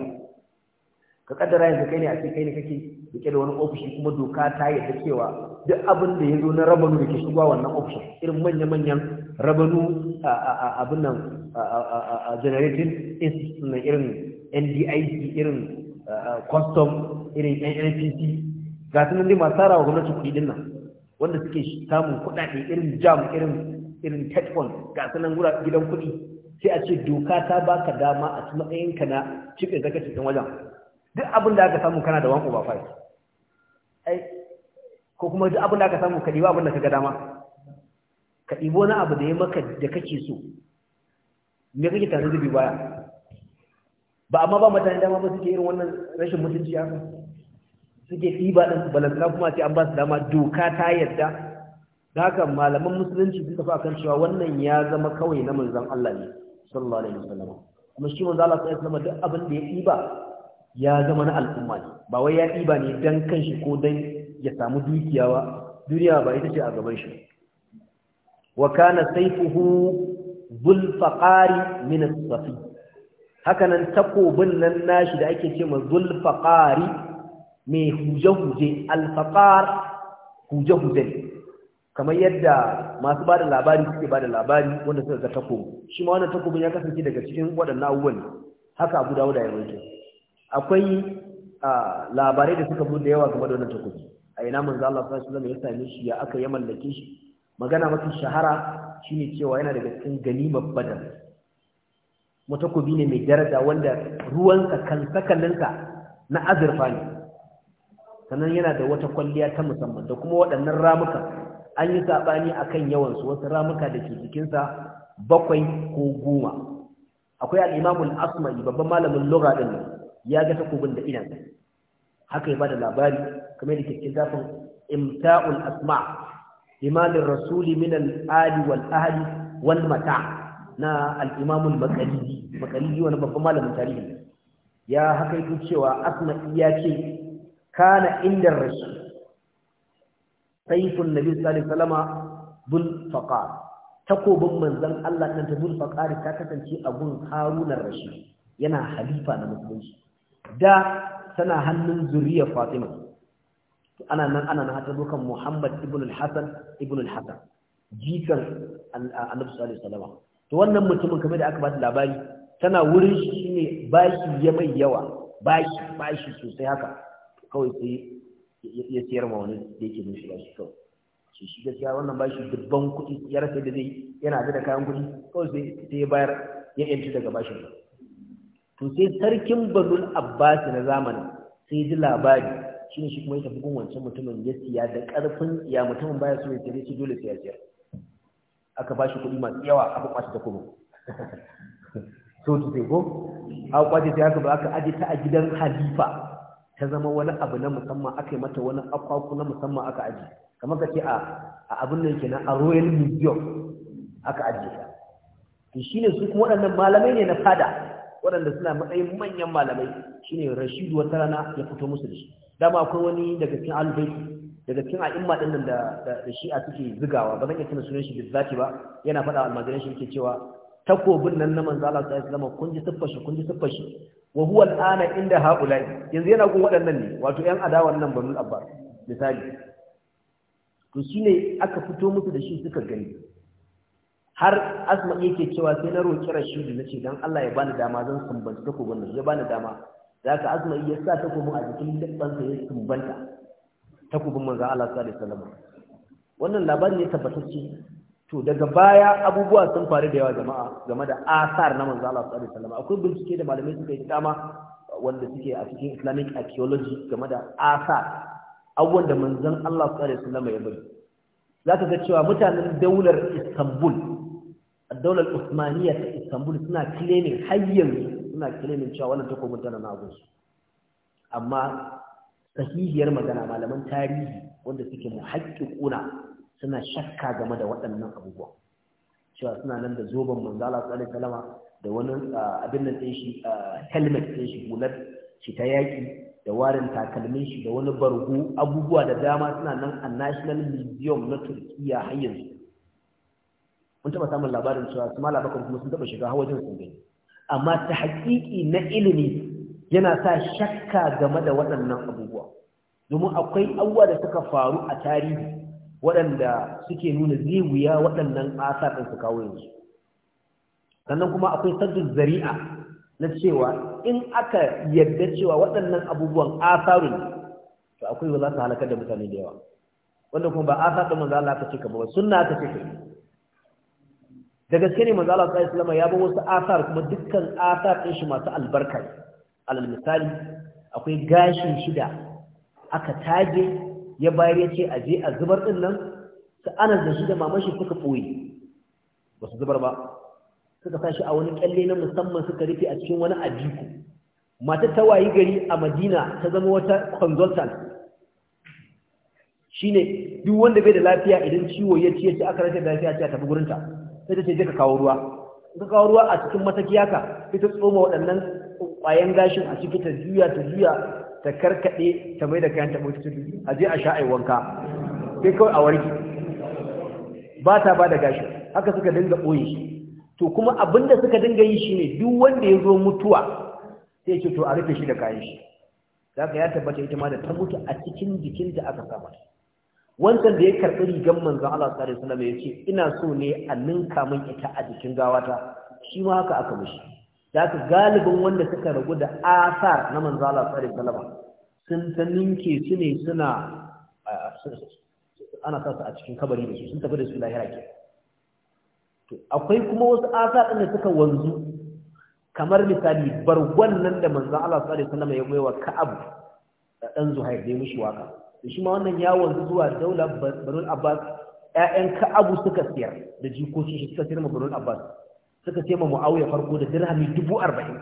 ka kaddara yanzu kai ne a cikin kai ne kake rike da wani ofishi kuma doka ta yadda cewa duk abin da ya zo na rabanu da ke shigowa wannan ofishin irin manya-manyan rabanu abin nan a generating institution irin ndic irin custom irin nnpc ga su nan dai wa gwamnati kuɗi nan wanda suke samun kuɗaɗe irin jam irin irin tetfon ga su gidan kuɗi sai a ce doka ta baka dama a matsayinka na cikin zakacin wajen duk abin da aka samu kana da 1 over 5 ai ko kuma duk abin da aka samu ka ɗiba abin da ka ga dama ka ɗibo na abu da ya maka da kake so me kake tare zubi baya ba amma ba mutane dama ba suke irin wannan rashin mutunci haka suke ɗiba ɗin balantana kuma sai an ba su dama doka ta yadda da haka malaman musulunci suka tafi akan cewa wannan ya zama kawai na manzon Allah ne sallallahu alaihi wasallam kuma shi manzon Allah sallallahu alaihi wasallam duk abin da ya ɗiba ya zama na al'umma ne ba wai ya ɗiba ne don kanshi ko don ya samu dukiya ba duniya ba ita ce a gaban shi wa kana saifuhu Zulfaƙari, min safi hakanan takobin nan nashi da ake ce ma zulfaƙari mai huje-huje alfaƙar huje-huje kamar yadda masu bada labari suke bada labari wanda suka ga takobi shi ma wannan takobin ya kasance daga cikin waɗannan abubuwan haka abu dawo da ya rawaito akwai labarai da suka da yawa game da wannan takobi a ina manzo Allah sallallahu alaihi wasallam ya same shi ya aka ya mallake shi magana mafi shahara shine cewa yana daga cikin ganimar badar mutakobi ne mai daraja wanda ruwansa kan sakallinsa na azurfa ne sannan yana da wata kwalliya ta musamman da kuma waɗannan ramuka an yi saɓani akan yawan su wasu ramuka da ke jikinsa bakwai ko goma akwai al'imamul asma'i babban malamin lura din nan ya ga takobin da idan haka ya bada labari kamar da cikin zafin imta'ul asma limanin rasuli min al-ali wal ahli wal mata na al-imam al-maqalidi maqalidi wani babban malamin tarihi ya haka yake cewa asma ya ce kana inda rasul sayfun nabi sallallahu alaihi wasallama bul faqar takobin manzon Allah ɗan ta zulfa ƙari ta kasance a gun harunar rashi yana halifa na musulunci da tana hannun zuriya Fatima ana nan ana nan hata dukan Muhammad ibn al-Hasan ibn al-Hasan jikan Annabi sallallahu alaihi wasallam to wannan mutumin kamar da aka ba labari tana wurin shi shine bashi ya mai yawa bashi bashi sosai haka kawai sai ya siyar ma wani da yake bin shi kawai shi shi gaskiya wannan bashi dubban kuɗi ya rasa da zai yana da kayan kuɗi kawai sai ya bayar ya yanci daga bashin to sai sarkin banul abbas na zamanin sai ji labari shi ne shi kuma ya tafi wancan mutumin ya siya da ƙarfin ya mutumin baya so ya tare shi dole siya siyar aka ba shi kuɗi masu yawa aka kwace ta kuma so to sai ko aka kwace ta aka ba aka aje ta a gidan halifa ta zama wani abu na musamman aka yi mata wani akwaku na musamman aka aje kamar ka ce a abin nan kenan a royal museum aka aje ta to shine su kuma waɗannan malamai ne na fada waɗanda suna matsayin manyan malamai Shi ne Rashidu wata rana ya fito musu da shi dama akwai wani daga cikin albai daga cikin a'imma ɗin nan da shi shi'a suke zigawa ba zan iya tuna sunan shi bizzati ba yana faɗa almajiran shi yake cewa takobin nan na manzo Allah sallallahu alaihi kun ji tuffa shi kun ji tuffa shi wa huwa al'ana inda haula'i yanzu yana gun waɗannan ne wato ƴan adawan nan banul abbas misali to shine aka fito musu da shi suka gani har asma yake cewa sai na roƙi rashidu na ce don Allah ya bani dama zan sumbanta takobin nan ya bani dama da ka asma ya sa takobin a jikin dabbansa ya sumbanta takobin manzo Allah sallallahu alaihi wasallam wannan labari ne tabbatacce to daga baya abubuwa sun faru da yawa jama'a game da asar na manzo Allah sallallahu alaihi wasallam akwai bincike da malamai suka yi dama wanda suke a cikin Islamic archaeology game da asar abubuwan da manzon Allah sallallahu alaihi wasallam ya bari zaka ga cewa mutanen daular Istanbul daular Usmaniyya ta Istanbul suna claiming har yanzu suna claiming cewa wannan takobin tana na gunsu amma sahihiyar magana malaman tarihi wanda suke muhaqqiquna suna shakka game da waɗannan abubuwa cewa suna nan da zoben manzala sallallahu kalama, da wani abin nan ɗin shi helmet ɗin shi hular shi ta yaƙi da warin takalmin shi da wani bargo abubuwa da dama suna nan a national museum na Turkiyya har yanzu mun taɓa samun labarin cewa su mala bakwai kuma sun taɓa shiga hawajin sun gani amma ta haƙiƙi na ilimi yana sa shakka game da waɗannan abubuwa domin akwai abubuwa da suka faru a tarihi waɗanda suke nuna zai wuya waɗannan ƙasa ɗin su kawo yanzu sannan kuma akwai sabbin zari'a na cewa in aka yarda cewa waɗannan abubuwan asarun to akwai za su halakar da mutane da yawa wanda kuma ba asar ɗin manzo Allah ka ce ka ba sunna ka ce ka da gaske ne manzo Allah sallallahu alaihi ya ba wasu asar kuma dukkan asar ɗin shi masu albarka alal misali akwai gashin shida aka tage ya bayar ya ce aje a zubar din nan su ana da shi da maman shi suka ɓoye ba su zubar ba suka sa a wani ƙyalle na musamman suka rufe a cikin wani ajiku mata ta wayi gari a madina ta zama wata consultant shine duk wanda bai da lafiya idan ciwo ya ce ya ce aka rasa lafiya ce tafi tafi gurinta sai ta ce je ka kawo ruwa ka kawo ruwa a cikin matakiya ka sai ta tsoma waɗannan ƙwayen gashin a ciki ta juya ta juya ta karkaɗe ta mai da kayan taɓa cikin a je a sha a wanka sai kawai a warki ba ta ba da gashi haka suka dinga ɓoye shi to kuma abin da suka dinga yi shi ne duk wanda ya zo mutuwa sai ce to a rufe shi da kayan shi za ka ya tabbata ita ma da ta mutu a cikin jikinta aka kama. wancan da ya karɓi rigar manzo Allah sallallahu alaihi wasallam yace ina so ne a ninka min ita a jikin gawata shi ma haka aka mishi da ka galibin wanda suka ragu da asar na manzo Allah sare alaihi sun ta ninke su ne suna ana sa su a cikin kabari da su sun tafi da su lahira ke to akwai kuma wasu asar din da suka wanzu kamar misali bargon nan da manzo Allah sare alaihi ya goyewa Ka'ab da dan Zuhair da ya mishi waka da shi ma wannan yawon zuwa daula barun abbas ƴaƴan ka'abu suka siyar da jikokin shi suka siyar ma barun abbas suka ce ma mu'awiya farko da dirhami dubu arba'in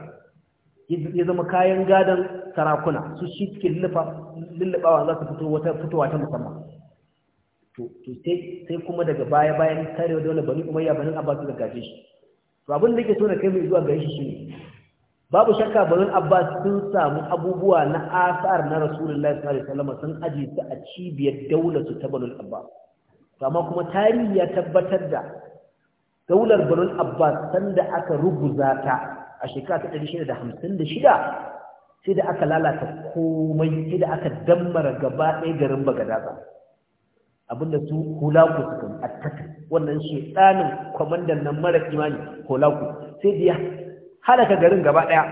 ya zama kayan gadon sarakuna su shi suke lullubawa za su fito wata fitowa ta musamman to sai kuma daga baya bayan karewa daula bani umayya banin abbas suka gaje shi to abin da ke so na kai mai zuwa gaishe shi shine babu shakka barin abbas sun samu abubuwa na asar na rasulullahi sallallahu alaihi wasallam sun aje su a cibiyar daular ta banul abbas amma kuma tarihi ya tabbatar da daular banul abbas sanda aka rubuza ta a shekara 1656 sai da aka lalata komai sai da aka dammara gaba ɗaya garin bagadaza abinda su hulaku suka attaka wannan shedanin kwamandan nan mara imani hulaku sai da halaka garin gaba ɗaya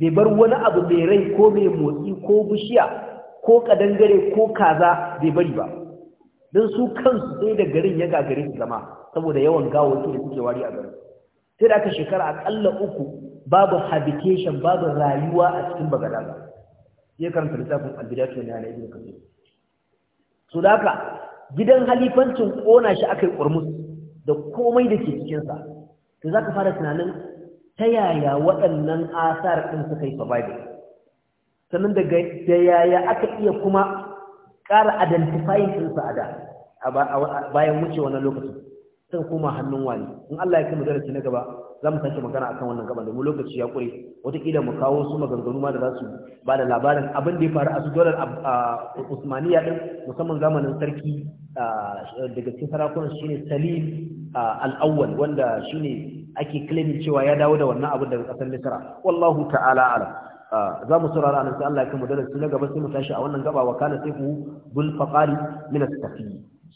bai bar wani abu mai rai ko mai motsi ko bishiya ko kadangare ko kaza bai bari ba don su kansu sai da garin ya gagare su zama saboda yawan gawaki da suke wari a garin sai da aka shekara akalla uku babu habitation babu rayuwa a cikin bagadaga sai karanta littafin albidatu na da su da gidan halifancin kona shi aka yi da komai da ke cikinsa to za ka fara tunanin ta yaya waɗannan asar ɗin suka yi surviving sannan daga da yaya aka iya kuma ƙara identifying ɗinsu a da bayan wuce wani lokacin sun koma hannun wani in Allah ya kai mu darasi na gaba za mu sake magana akan wannan gaba. da mu lokaci ya kure wataƙila mu kawo su maganganu ma da za su ba da labarin abin da ya faru a su dolar usmaniya din musamman zamanin sarki daga cikin sarakunan shine salim al-awwal wanda shine ake claiming cewa ya dawo da wannan abin daga ƙasar misra wallahu ta'ala alam za mu saurara nan sai Allah ya kai mu darasi na gaba sai mu tashi a wannan gaba wa kana sai ku bul faqari min as-safi